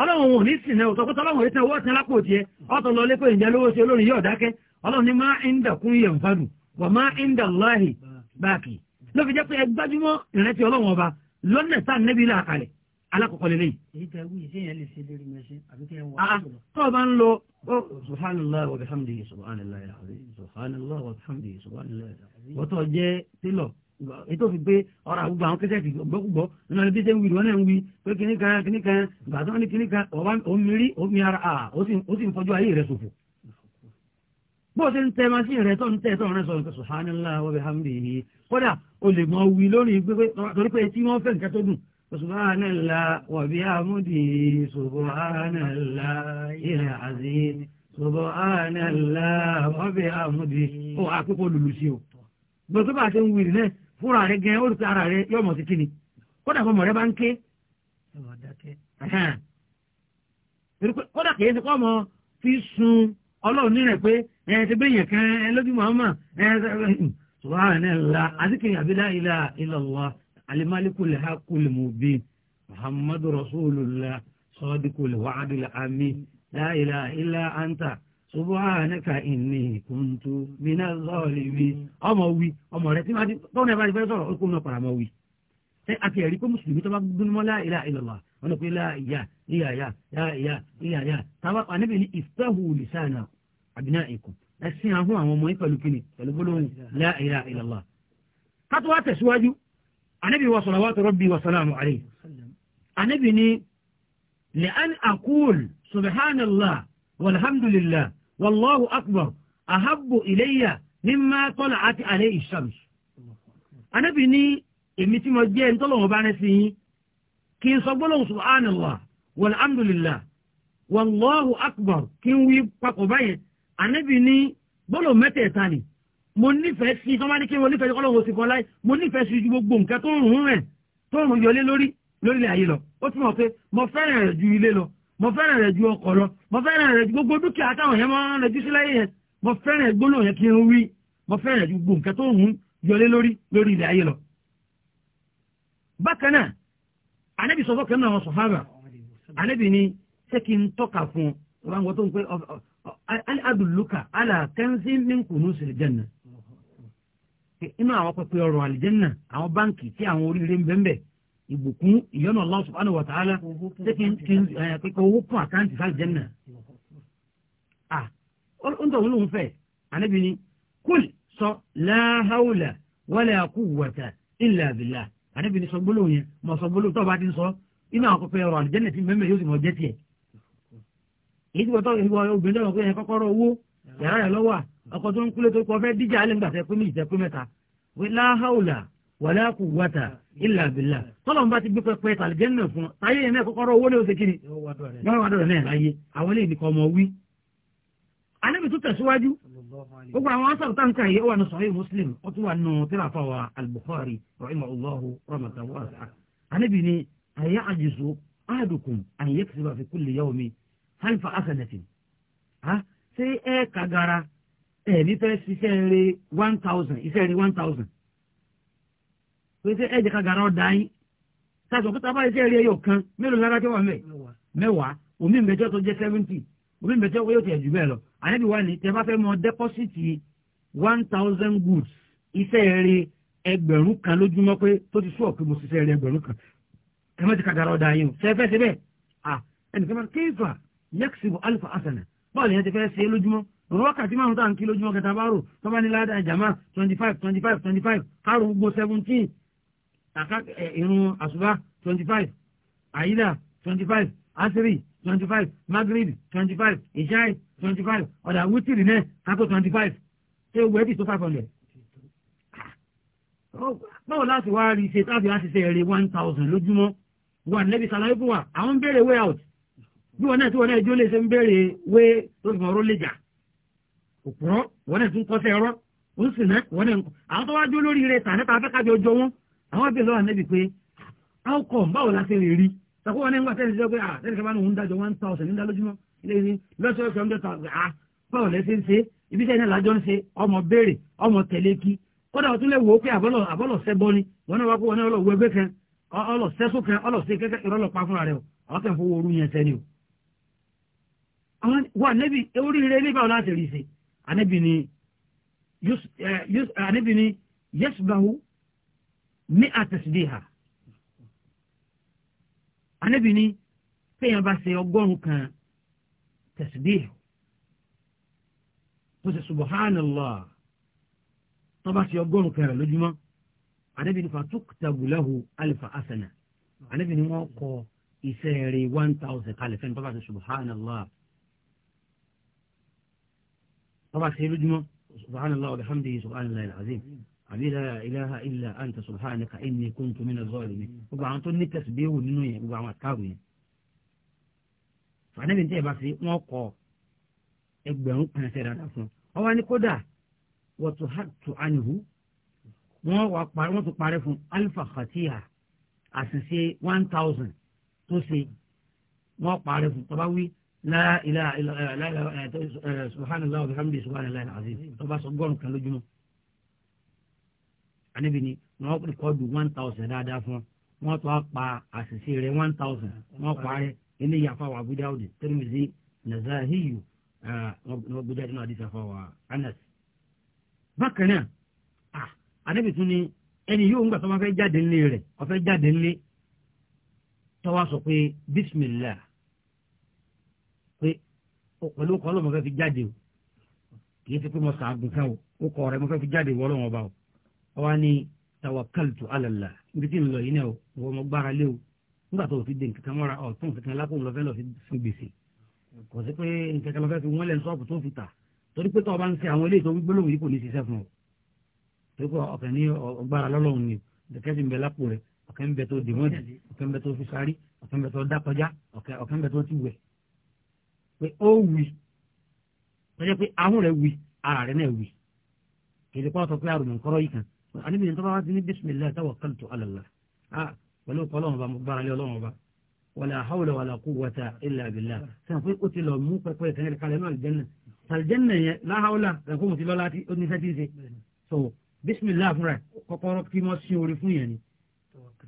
ọlọ́run òun ní sìn náà òtọ́kọ́tọ́ ọlọ́run èyí tí ọwọ́ ti lápò tiẹ̀ ọ̀tọ̀ lọ lé pé ìjẹ́ lówó sí olórin yóò dákẹ́ ọlọ́run ní máa ń dàkún yẹn fàdù wà máa ń dà láàyè báàkì ló fi jẹ́ pé ẹgbájúmọ́ ìrántí ọlọ́run ọba lọ́nà tá nẹ́bí là kalẹ̀ alákọ̀ọ́kọ́ lélẹ̀ yìí. èyí tẹ wí ìṣe yẹn lè ṣe lórí mẹṣin àbí kí ẹ ètò fi pé ọ̀rọ̀ àgbà àwọn kẹsẹ̀tì gbọ́kúgbọ́ nínú ẹni bí ṣe ń wí wọn náà ń wí pé kíní kan kíní kan ìgbà tí wọ́n ní kíní kan ọ̀wá omiri omi ara à ó sì ń fọjú ayé rẹ̀ ṣòfò. bó o ṣe ń tẹ machine rẹ tó ń tẹ tó ń rẹ sọ nǹkan subhanallah wa bihamdihi kódà o lè mọ wí lórí pé torí pé tí wọ́n fẹ́ nǹkan tó dùn subhanallah wa bihamdihi subhanallah ìrẹ̀ azim subhanallah wa bihamdihi ó àkókò lùlù sí o gbọ́dọ̀ bá a fúnra rẹ gẹ ó rí pé ara rẹ yóò mọ̀ sí kíni kódà kó mọ̀ rẹ bá ń ké. kódà kìí ṣe kọ́ mọ fi sun ọlọ́run nírẹ̀ pé ẹ ti bẹ́yẹn kan ẹ lójú màmá ẹ ṣùgbọ́n ẹ la azikiri abila ila ilallah alimalikul hakul mubin muhammadu rasulullah sadiqul wa'adil amin la ilaha illa anta subhanaka inni kuntu minaz zalimin ọmọ wi ọmọ rẹ tí wọn ti tọ́wọ́n ẹ̀ bá ti fẹ́ sọ̀rọ̀ ó kó náà para mọ́ wi. ṣé àti ẹ̀rí pé mùsùlùmí tó bá gbóná la ilaha illallah wọn lọ pé la ìyá ìyá ìyá ìyá ìyá ìyá táwa ànábì ní istahu lisana abnaikum ẹ sin ahọ́n àwọn ọmọ yín pẹ̀lú kíni pẹ̀lú gbólóhùn la ilaha illallah wallahu akbar ahabbu ilayya mimma tala'at alayhi shams. anábì ní èmi tí mo jẹ́ ń tọ́lọ̀ wọn bá rẹ́ sí yín kí n sọ gbólóhùn subhanallah walhamdulillah wallahu akbar kí n wí papọ̀ báyẹn anábì ní gbólóhùn mẹ́tẹ̀ẹ̀ta ni mo nífẹ̀ẹ́ sí sọ́mọ́ ní kí mo nífẹ̀ẹ́ sí kọ́lọ́hùn òsì kan láì mo nífẹ̀ẹ́ sí gbogbo nǹkan tó ń rùn rẹ̀ tó ń rùn yọlé lórí lórílẹ̀ ayé lọ ó túmọ̀ pé mo fẹ́ràn ju ilé lọ mo fẹ́ràn rẹ̀ ju ọkọ̀ lọ mo fẹ́ràn rẹ̀ ju gbogbo dúkìá táwọn yẹn máa ń rẹjú sílẹ̀ yẹn mo fẹ́ràn gbólóhùn yẹn kí n mo fẹ́ràn rẹ̀ gbogbo nǹkan tó ń yọlé lórí lórí ilẹ̀ ayé lọ. anabi sọ fọkàn náà wọn sọ hábà anabi ni ṣé kí n ọ tó ń adùlùkà àlà kẹ́ńsì ní sílẹ̀ inú àwọn pẹpẹ ọrọ̀ àwọn ìbùkún ìyọ́nà Allah subhanahu wa ta'ala ṣé kí n kí n eh, pé owó kún àkáǹtì sáà jẹ́ náà. à ń tọ̀ wúlò ń fẹ́ ànábì ni kúl sọ la hawla wala quwwata illa billah ànábì ni sọ gbólóhùn yẹn mọ̀ sọ gbólóhùn tó bá ti ń sọ inú àwọn akọ́kọ́ ẹ̀rọ àlùjẹ́nẹ̀ tí mẹ́mẹ́ yóò sì mọ̀ jẹ́ tiẹ̀. èyí tí wọ́n tọ́ ìwọ obìnrin náà wala quwwata illa billah tọ́lọ́n bá ti gbé pẹpẹ tàlìjẹ́nà fún ọ táyé yẹn náà kọ́kọ́rọ́ owó ní oṣù kìíní wọ́n wá dọ̀rọ̀ náà láyé àwọn eléyìí nìkan ọmọ wí. anábì tó tẹ̀síwájú gbogbo àwọn asọ̀rọ̀ táǹkà yìí ó wà ní sahih muslim ó tún wà nù tírafà wa al-bukhari rahimahullahu rahmatan wasi'a anábì ni àyà one thousand iṣẹ́ rẹ̀ one thousand pèsè ẹ̀jẹ̀ ká gàrà ọ̀dà yín sàtọ̀ kó tábà iṣẹ́ rí ẹyọ kan mélòó lára tí wọ́n mẹ́ mẹ́wàá omi mẹ́jọ tó jẹ́ seventy omi mẹ́jọ yóò tẹ̀ jù bẹ́ẹ̀ lọ àyẹ̀bí wa ni tẹ bá fẹ́ mọ deposit, one thousand goods iṣẹ́ rí ẹgbẹ̀rún kan lójúmọ́ pé tó ti sọ̀ pé mo ṣiṣẹ́ rí ẹgbẹ̀rún kan ẹ má ti ká gàrà ọ̀dà yín o ṣe fẹ́ ṣe bẹ́ẹ̀ ah ẹnìkan máa kéfà yẹ́kṣibù alifa asana báwo lèyàn ti fẹ́ ṣe lójúmọ́ ọ̀rọ̀ wákàtí márùn-ún tá à ń kí lójúmọ́ kẹta bá rò tọ́ba ní ládàá jàmá twenty five twenty five twenty five kárùn-ún gbogbo seventeen Eh, irun Asuba, twenty five àyílà twenty five asiri twenty five magrib twenty five ìṣáì twenty five ọ̀dà wítìrì náà kákó twenty five ṣé owó ẹ̀dì tó five hundred. Ah. báwo láti wá rí ṣe tábìlì àṣìṣe èrè one thousand lójúmọ́ wà nẹ́bí sàlàyé fún wa àwọn ń béèrè way out bí wọn náà tí wọn náà jó lè ṣe ń béèrè way tó fi ọ̀rọ̀ lè jà òpùrọ́ wọn náà tún kọ́ sẹ́ ọ̀rọ̀ ó sì náà wọn náà àwọn tó wá jó lórí rẹ̀ tà nípa afẹ́kájọ jọ wọn àwọn abẹ́rẹ́ lọ́wọ́ nẹ́bi pé how come báwo la ṣe lè rí sàkó wọn nígbà tẹ́lẹ̀ sọ pé ah tẹ́lẹ̀ sábà nùhún dájọ́ one thousand nígbà lójúmọ́ ilé ní lọ́sọ̀ọ́sọ̀ hundred thousand ah báwo lẹ ṣe ń ṣe ibi sẹ́yìn náà lájọ́ ń ṣe ọmọ béèrè ọmọ tẹ̀lé kí kódà ó tún lè wò ó pé àbọ̀lọ̀ àbọ̀lọ̀ sẹ́bọ́ ni wọn náà wá pé wọn náà lọ wọ ẹgbẹ́ kan ọlọ sẹ́sùn kan ọlọ sí kẹ́kẹ́ ìrọ́lọ̀ pa fúnra rẹ̀ o àwọn kan fowó orú yẹn sẹ́ni o. àwọn wà nẹ́bi oríire nígbà wọn láti rí i ṣe ànẹ́bi ni yẹ́sùbáwò ní àtẹ̀sídéhà anábì ní téèyàn bá ṣe ọgọ́rùn kan tẹ̀sídéhà tó ṣe subhanallah tó bá ṣe ọgọ́rùn kan rẹ̀ lójúmọ́ anábì ní fatuktabu lahu alifa asana anábì ní wọ́n kọ iṣẹ́ rẹ̀ one thousand kalẹ̀ fẹ́ni tó bá ṣe subhanallah tó bá ṣe lójúmọ́ subhanallah wa bihamdihi subhanallah al-azim àbí la ilaha illa anta subhanaka inni kuntu minaz zalimin gbogbo àwọn tó ní tẹ̀síbíhù nínú yẹn gbogbo àwọn àtàrù yẹn. fàdébí ní tẹ́yẹ̀ bá fi wọ́n kọ ẹgbẹ̀rún kan ṣe dáadáa fún ọ wá ní kódà wọ́n tún ha tún wà parí wọ́n tún parí fún alifa khatiha àṣìṣe one thousand tó ṣe wọ́n parí fún tọ́ba wí la ilaha illa eh, subhanallah wa bihamdihi subhanallah al-azim tọ́ba sọ gbọ́n kan lójúmọ́ àníbi ni wọ́n rìkọ́dù one thousand dáadáa fún wọ́n tó pa àṣìṣe rẹ̀ one thousand wọ́n parẹ́ eléyìí àfàwọ̀ Abu Dawud Tirmidhi Nasahiyu uh, wọ́n gbé jáde náà àdìsí àfàwọ̀ Anas. bákan náà ah, àníbi tún ni ẹni yóò ń gbà tó wọ́n fẹ́ jáde nílé rẹ̀ wọ́n fẹ́ jáde nílé tọ́wọ́ sọ pé bismillah pé pẹ̀lú ọkọ̀ ọlọ́mọ fẹ́ fi jáde o kì í ti pé mo sàgùn kan o ó kọ̀ ọ̀rẹ́ mo fẹ́ fi jáde wọ́ ọlọ́mọ o ọwọ́ ni tawakkaltu ala Allah ibi tí ń lọ yìí náà wọ́n mọ gbára lé o nígbà tó o fi dé nǹkan mọ́ra ọ̀tún nǹkan lápò ńlọfẹ́ lọ fi sin gbèsè kò sí pé nǹkan lọ́fẹ́ fi wọ́n lẹ́ sọ́ọ̀bù tó fi tà torí pé tọ́ọ̀ bá ń ṣe àwọn eléyìí tó ń gbólóhùn yìí kò ní ṣiṣẹ́ fún ọ torí pé ọ̀kẹ́ ní ọgbára lọ́lọ́run ni kẹ́sì ń bẹ lápò rẹ̀ ọ̀kẹ́ ń bẹ tó dèmọ́dì ọ̀kẹ́ ń bẹ tó fi sáré ọ̀kẹ́ ń bẹ tó dákọjá ọ̀kẹ́ ń bẹ tó ti wẹ̀ pé ó wì tọ́jọ́ pé ahọ́n rẹ̀ wì ara rẹ̀ náà wì kì í pé àrùn أنا بين طبعا دني بسم الله توكلت على الله آه ولو قلنا بمقبرة لي ولو ما ولا حول ولا قوة إلا بالله سنفوي قتل الموقف كوي سنة الكلمة الجنة فالجنة لا حول لكم قتل الله تي أدني ستيزي سو بسم الله فرع كقرب كي ما سيورفني يعني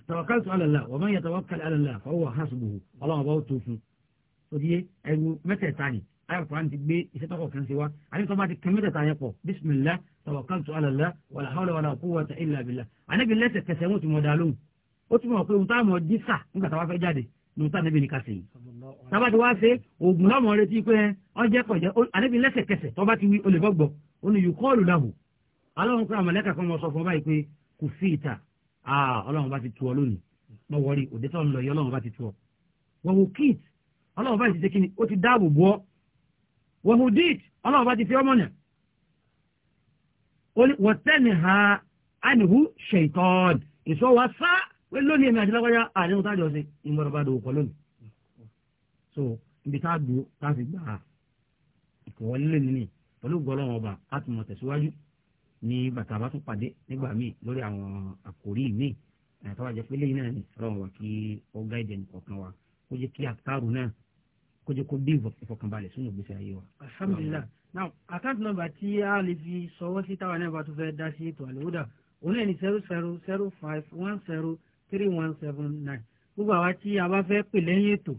توكلت على الله ومن يتوكل على الله فهو حسبه الله بوتو فيه فدي أي متى تاني أي فرانتي بي إذا تقول كنسي وا أنا تبعت كم متى تاني بسم الله tawakkaltu ala Allah wala hawla wala quwwata illa billah ànábì lẹ́sẹ̀ kẹsẹ̀ wọn ti mọ̀ dàlóhùn ó ti mọ̀ pé òun táwọn mọ̀ dísà nígbà táwọn fẹ́ jáde ní ta níbi ní ká sèyí tábà tí wàá ṣe oògùn láwọn retí pé ọjẹ́ kọjẹ́ ànábì lẹ́sẹ̀ kẹsẹ̀ tọ́ba ti wí olè bọ́gbọ́ ó ní yukọ́ọ̀lù lahu aláwọn kúrò àmọ̀lẹ́kà kan mọ̀ sọ fún báyìí pé kò sí ìta ọlọ́run bá ti tu ọ lónìí mọ̀ wọ́rí òde tó ń lọ yìí ọlọ́run bá ti tu ọ. wọ́n wò kíìt ọlọ́run bá ti ṣe kíni ó ti dáàbò bọ́ wọ́n wò díìt wọ́tẹ́ni ha anihu ṣètọ́ọ̀d ìṣó wa sá pé lónìí èmi àti lágbájá àdéhùn tá a jọ ṣe ìmọ̀ràn bá dòwò pọ̀ lónìí. so ibi tá a dúró tá a fi gbà á ìkọ̀wọ́lé lè nìyí pẹ̀lú gbọ́lọ́wọ́ ọba a tún mọ̀ tẹ̀síwájú ní bàtà bá tún pàdé nígbà míì lórí àwọn àkòrí míì àtàwọn àjẹpé lẹ́yìn náà ni ọlọ́run wa kí ọgá ìdẹ̀ nìkọ̀ọ̀kan wa kó jẹ́ kí àtàrù náà kó jẹ́ kó bí ìfọkànbalẹ̀ sínú ìgbésí ayé wa. alhamdulilayi now account number tí a lè fi sọwọ́ sí táwọn náà bá tún fẹ́ dá sí ètò àlèwúdà òun náà ní zero zero zero five one zero three one seven nine gbogbo àwa tí a bá fẹ́ pè lẹ́yìn ètò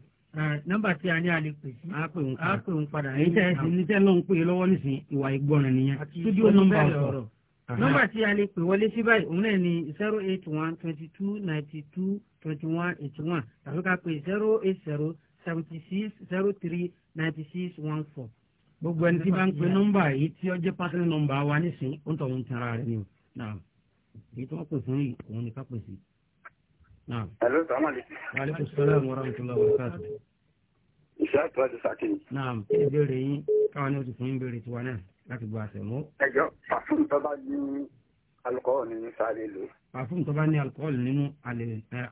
nọ́mbà tí a ní a lè pè sí. a pè ń padà a pè ń padà èyí tẹ ní tẹ ló ń pè lọ́wọ́ nísìnyí ìwà ìgbọràn nìyẹn studio nọ́mbà ọ̀rọ̀. nọ́mbà tí a lè pè wọlé sí báyìí òun náà ni zero eight one twenty two ninety two twenty one eighty one tàbí ká pè zero eight zero seventy six zero three ninety six one four gbogbo ẹni tí bá ń pe nọ́mbà yìí tí ó jẹ́ pásítọ̀ wa nísìn ó ń tọ̀ ń tara rẹ̀ ni o náà èyí tí wọ́n pè fún yìí òun ni ká pè sí. Hello, salaam aleykum. Wa aleykum salaam wa rahmatullahi wa barakatuh. Iṣẹ́ àtúwà ti sàkíyì. Náà kí ni ìbéèrè yín káwọn ní oṣù fún ìbéèrè tiwa náà láti gba àṣẹ mú. Ẹjọ́ pàfún tó bá ní ni nínú sáré lò. Pàfún tó bá ní alukọ́ọ̀lù nínú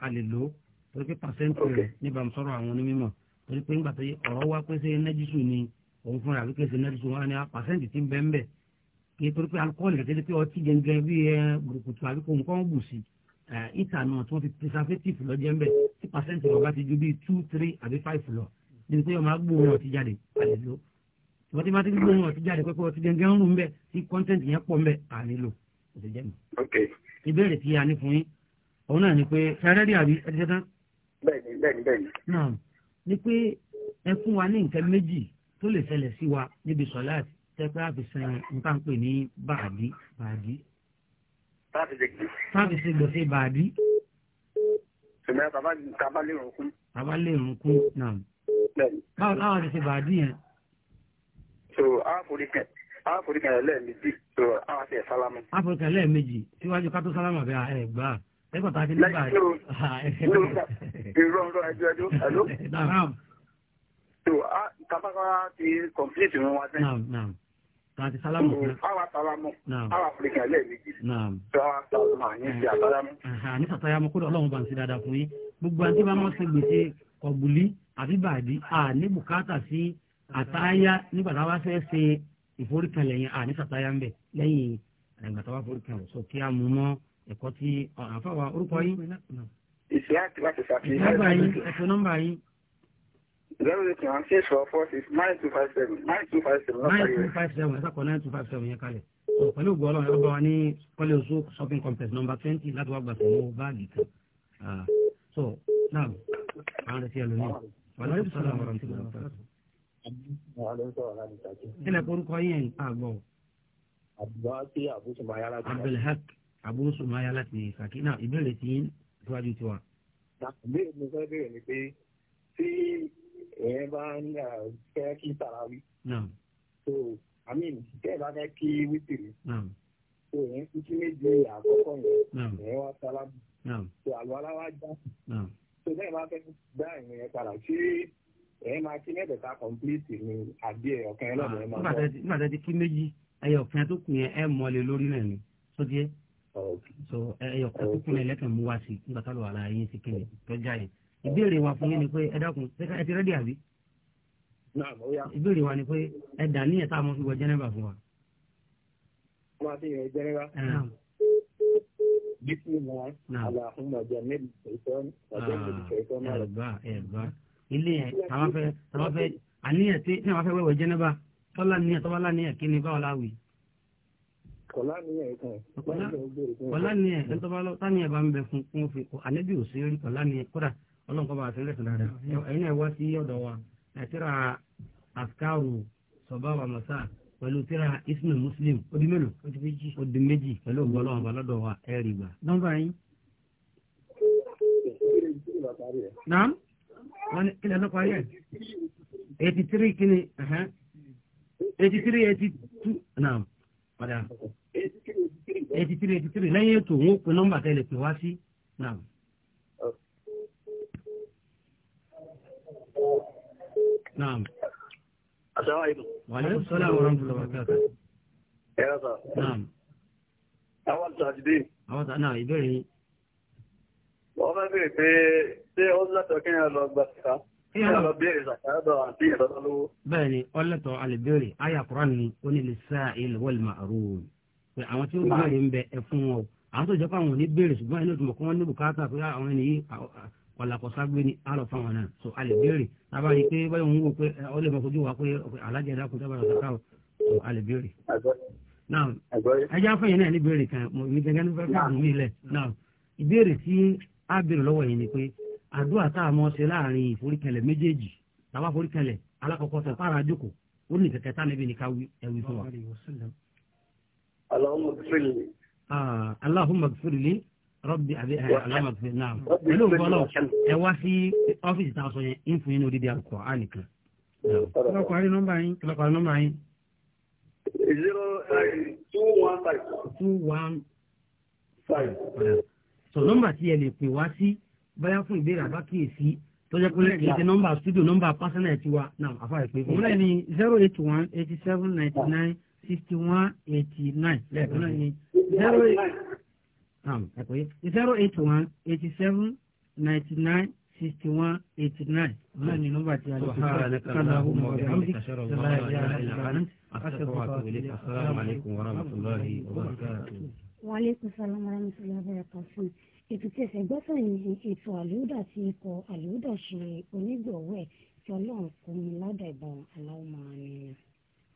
alè lò torí pé pàṣẹ́ntì rẹ̀ níbàámu sọ̀rọ̀ àwọn onímọ̀ torí pé ńgbà tó yẹ ọ̀rọ̀ wá pé ṣé nájísù ni òun fúnra àbí kése mẹ́tìsì wọn ni pàṣẹ́ǹtì ti ń bẹ́ẹ̀ bẹ́ẹ̀ kí torí pé alikọ́ọ̀lì kẹ́tẹ́ pé ọtí gẹ́gẹ́ bí ẹ burúkutu àbí kò ń kọ́ ń bù sí ìta náà tí wọ́n fi preservative lọ jẹ́ bẹ́ẹ̀ tí pàṣẹ́ǹtì rẹ̀ bá ti ju bíi two three àbí five lọ níbi pé ọmọ agbóhùn ọtí jáde àlè ló ìwọ́n ti máa ti gbóhùn ọtí jáde pẹ́pẹ́ ọtí gẹ́gẹ́ ń rùn bẹ́ẹ̀ tí content yẹn pọ̀ bẹ́ẹ̀ àlè ló kò sì jẹ́ mi. ìbéèrè tí a ní fún yín òun náà ni pé fẹ́rẹ́rì àbí ẹ ti ṣe tán. bẹ́ẹ̀ni bẹ́ẹ̀ni bẹ́ẹ̀ni. náà ni pé ẹ fún wa ní nǹkan méjì tó lè ṣẹlẹ̀ sí wa níbi sọ̀láàtì tẹ́pẹ́ àfisàn nǹkan pè ní bàdí bàdí. táàfì ṣe gbèsè bàdí. ṣùgbọ́n bàbá lè rún kún. bàbá lè rún kún náà. báwo láwọn ti ṣe bàdí yẹn. so àforíkẹ́ lẹ́ẹ̀mejì so àwọn sálámù. àforíkẹ́ lẹ́ẹ̀mejì síwájú ká tó sálámù àbẹ́ ẹ̀ gbà ẹgbẹ́ pàtàkì nígbà yìí. irọ́ ọ̀rọ̀ ẹjọ́ ẹjọ́ so tabaka ti complete wọn wa sẹ́yìn. naam naam àti sálámù. àwa sálámù. naam àwa fúlikà lẹ́ẹ̀mejì. naam àwa sálámù àyè ti àsálámù. àní sàtáyàmú kó lọ́wọ́ bá ń ṣe dáadáa fún yín gbogbo àti bá mọ̀ sí gbèsè kọ̀bùlí àbí bàdí àní bùkátà sí àtáyà nígbà táwa fẹ́ ṣe ìforíkalẹ̀ yẹn àní sàtáyà ń bẹ̀ lẹ́yìn àgbà táwa foríkalẹ̀ sọ kí a mú mọ́ ẹ̀kọ́ tí àfàwà orúkọ yín. ìṣe àti láti ṣàfihàn. nọ́mbà yín ẹ̀fọ́ nọ́mbà yín pẹ̀lú ògbó ọlọ́run ọba wa ní kọ́lé oṣù shopping complex number twenty láti wá gbà fún owó báàgì kan so now àwọn retí ẹ lónìí wà lórí sọ́dọ̀ àwọn ọ̀rọ̀ tí wọ́n fẹ́. kílẹ̀ orúkọ yẹn ń pa àgbọ̀. abdulhaq abusumaya láti saki náà ìbéèrè tí síwájú tiwa. ìbéèrè mi fẹ́ bẹ̀rẹ̀ ni pé tí ẹ bá ń fẹ́ kí tarawí. so i mean tẹ́ ẹ bá fẹ́ kí wítìrì. so ẹ̀ ń kí méje àkọ́kọ́ yẹn ẹ̀ wá sálábù. so àlọ́ aláwa já. so bẹ́ẹ̀ bá fẹ́ dá ìrìn yẹn padà ṣé ẹ̀ máa kí mẹ́tẹ̀ẹ̀ta complete ni àbí ẹ̀ ọ̀kan ẹ̀ lọ́dọ̀ ẹ̀ máa bọ̀. nígbà tẹ́ ti kí méjì ẹyọ kan tó kù yẹn ẹ mọ́lẹ̀ lórí náà ni sódìẹ́ so ẹyọ kan tó kù yẹn lẹ́kàn mú wá sí nígbà tá ìbéèrè wa fún yín ni pé ẹ dákun ẹ ti rẹ́dí àbí. ìbéèrè wa ni pé ẹ dà ní ẹ̀ta àmọ́ fi wọ jẹ́nẹ́bà fún wa. mo àti ìyẹn jẹ́nẹ́bà. bísí mọ́ aláhùnmọ̀ jẹ́ mẹ́rin ṣèṣọ́n ọ̀jẹ́ mẹ́rin ṣèṣọ́n náà. ẹ̀gbá ẹ̀gbá ilé yẹn àwọn fẹ́ àwọn fẹ́ àníyàn tí náà wọ́n fẹ́ wẹ̀wẹ̀ jẹ́nẹ́bà tọ́lá níyàn tọ́lá níyàn kí ni báwo láwì. kọ̀lá níyàn ẹ̀kan. kọ̀lá níyàn ẹ̀ ń tọ́ ọlọ́run kọ́ bá àti ẹlẹ́sìn dáadáa ẹ̀yin náà wá sí ọ̀dọ̀ wa tírà àfikáàrù sọ̀bá wa mọ̀sá pẹ̀lú tírà ismi muslim odi mélòó odi méjì pẹ̀lú ògbọ́n ọlọ́run bá lọ́dọ̀ wa ẹ̀ rí gbà. nọ́mbà yín. naam wọ́n ní kílẹ̀ lọ́kọ̀ ayé eighty three kini eighty three eighty two naam padà eighty three eighty three lẹ́yìn ètò òun ó pe nọ́mbà tẹ́lẹ̀ pè wá sí naam. na'am a alaikum wa alaikum assalam wa rahmatullahi wa barakatuh ya sa na'am àwọn tajidin àwọn ta na ìbéèrè yín wọ́n fẹ́ bèèrè pé ṣé ó ya kí wọ́n ya ni ọlẹ́tọ̀ ni ó ní lè àwọn tí ń bẹ wọn o àwọn tó pé àwọn ò ní pé ah, àwọn ènìyàn wàlàkọ̀ságbé ni á lọ fáwọn náà so a lè béèrè tábà rí i pé báyọ̀ ń wò pé ọ lè mọ kojú wa pé alájà ẹ̀dá kò dábàá lọ́sàkà o so a lè béèrè. now ẹjọ́ afẹ́yìn náà ní béèrè kan mo ní gẹ́gẹ́ ní fẹ́ fún àwọn ilẹ̀ now ìbéèrè tí a béèrè lọ́wọ́ yìí ni pé àdúrà tá a mọ̀ ṣe láàrin ìforíkẹlẹ̀ méjèèjì tàbá foríkẹlẹ̀ alákọ̀ọ́kọ́ sọ fára jókòó ó ní kẹ̀kẹ́ táwọn ẹbí ni ká ẹwì fún Allahumma gfirli. Ah, rọ́bì àbí alámàgbé náà pẹ̀lú ìgbọ́lọ̀ ẹ wá sí ọ́fíìsì tá a sọ yẹn ń fún yín ní odidi àkọ́ á nìkan. kílọ̀kọ̀ọ́rí nọ́mbà yín kílọ̀kọ̀ọ́rí nọ́mbà yín. zero eh, two one five. two one five. so nọ́mbà tí ẹ lè pè wá sí báyà fún ìbéèrè àbákíyèsí tó jẹ́ pé kì í ṣe nọ́mbà studio nọ́mbà pásánà ti wa náà àfa ìpè fún. òun ní zero eight one eighty seven ninety nine sixty one eighty nine lẹ́ẹ̀kan náà ní zero eight. Um, ẹ̀pẹ́ zero eight one eighty seven ninety nine sixty one eighty nine náà ni nọ́mbà tí a lè fi kọ́lá ọmọ ọ̀gá ọ̀gá wa aleykum salaam wa rahmatullahi wa barakatuh ètò tí ẹsẹ̀ gbọ́sọ̀ yìí ètò àlùdà tí ikọ̀ àlùdà ṣe onígbọ̀wẹ́ tí ọlọ́run kò ní ládàá ìbọn aláwọ̀ máa ń yan.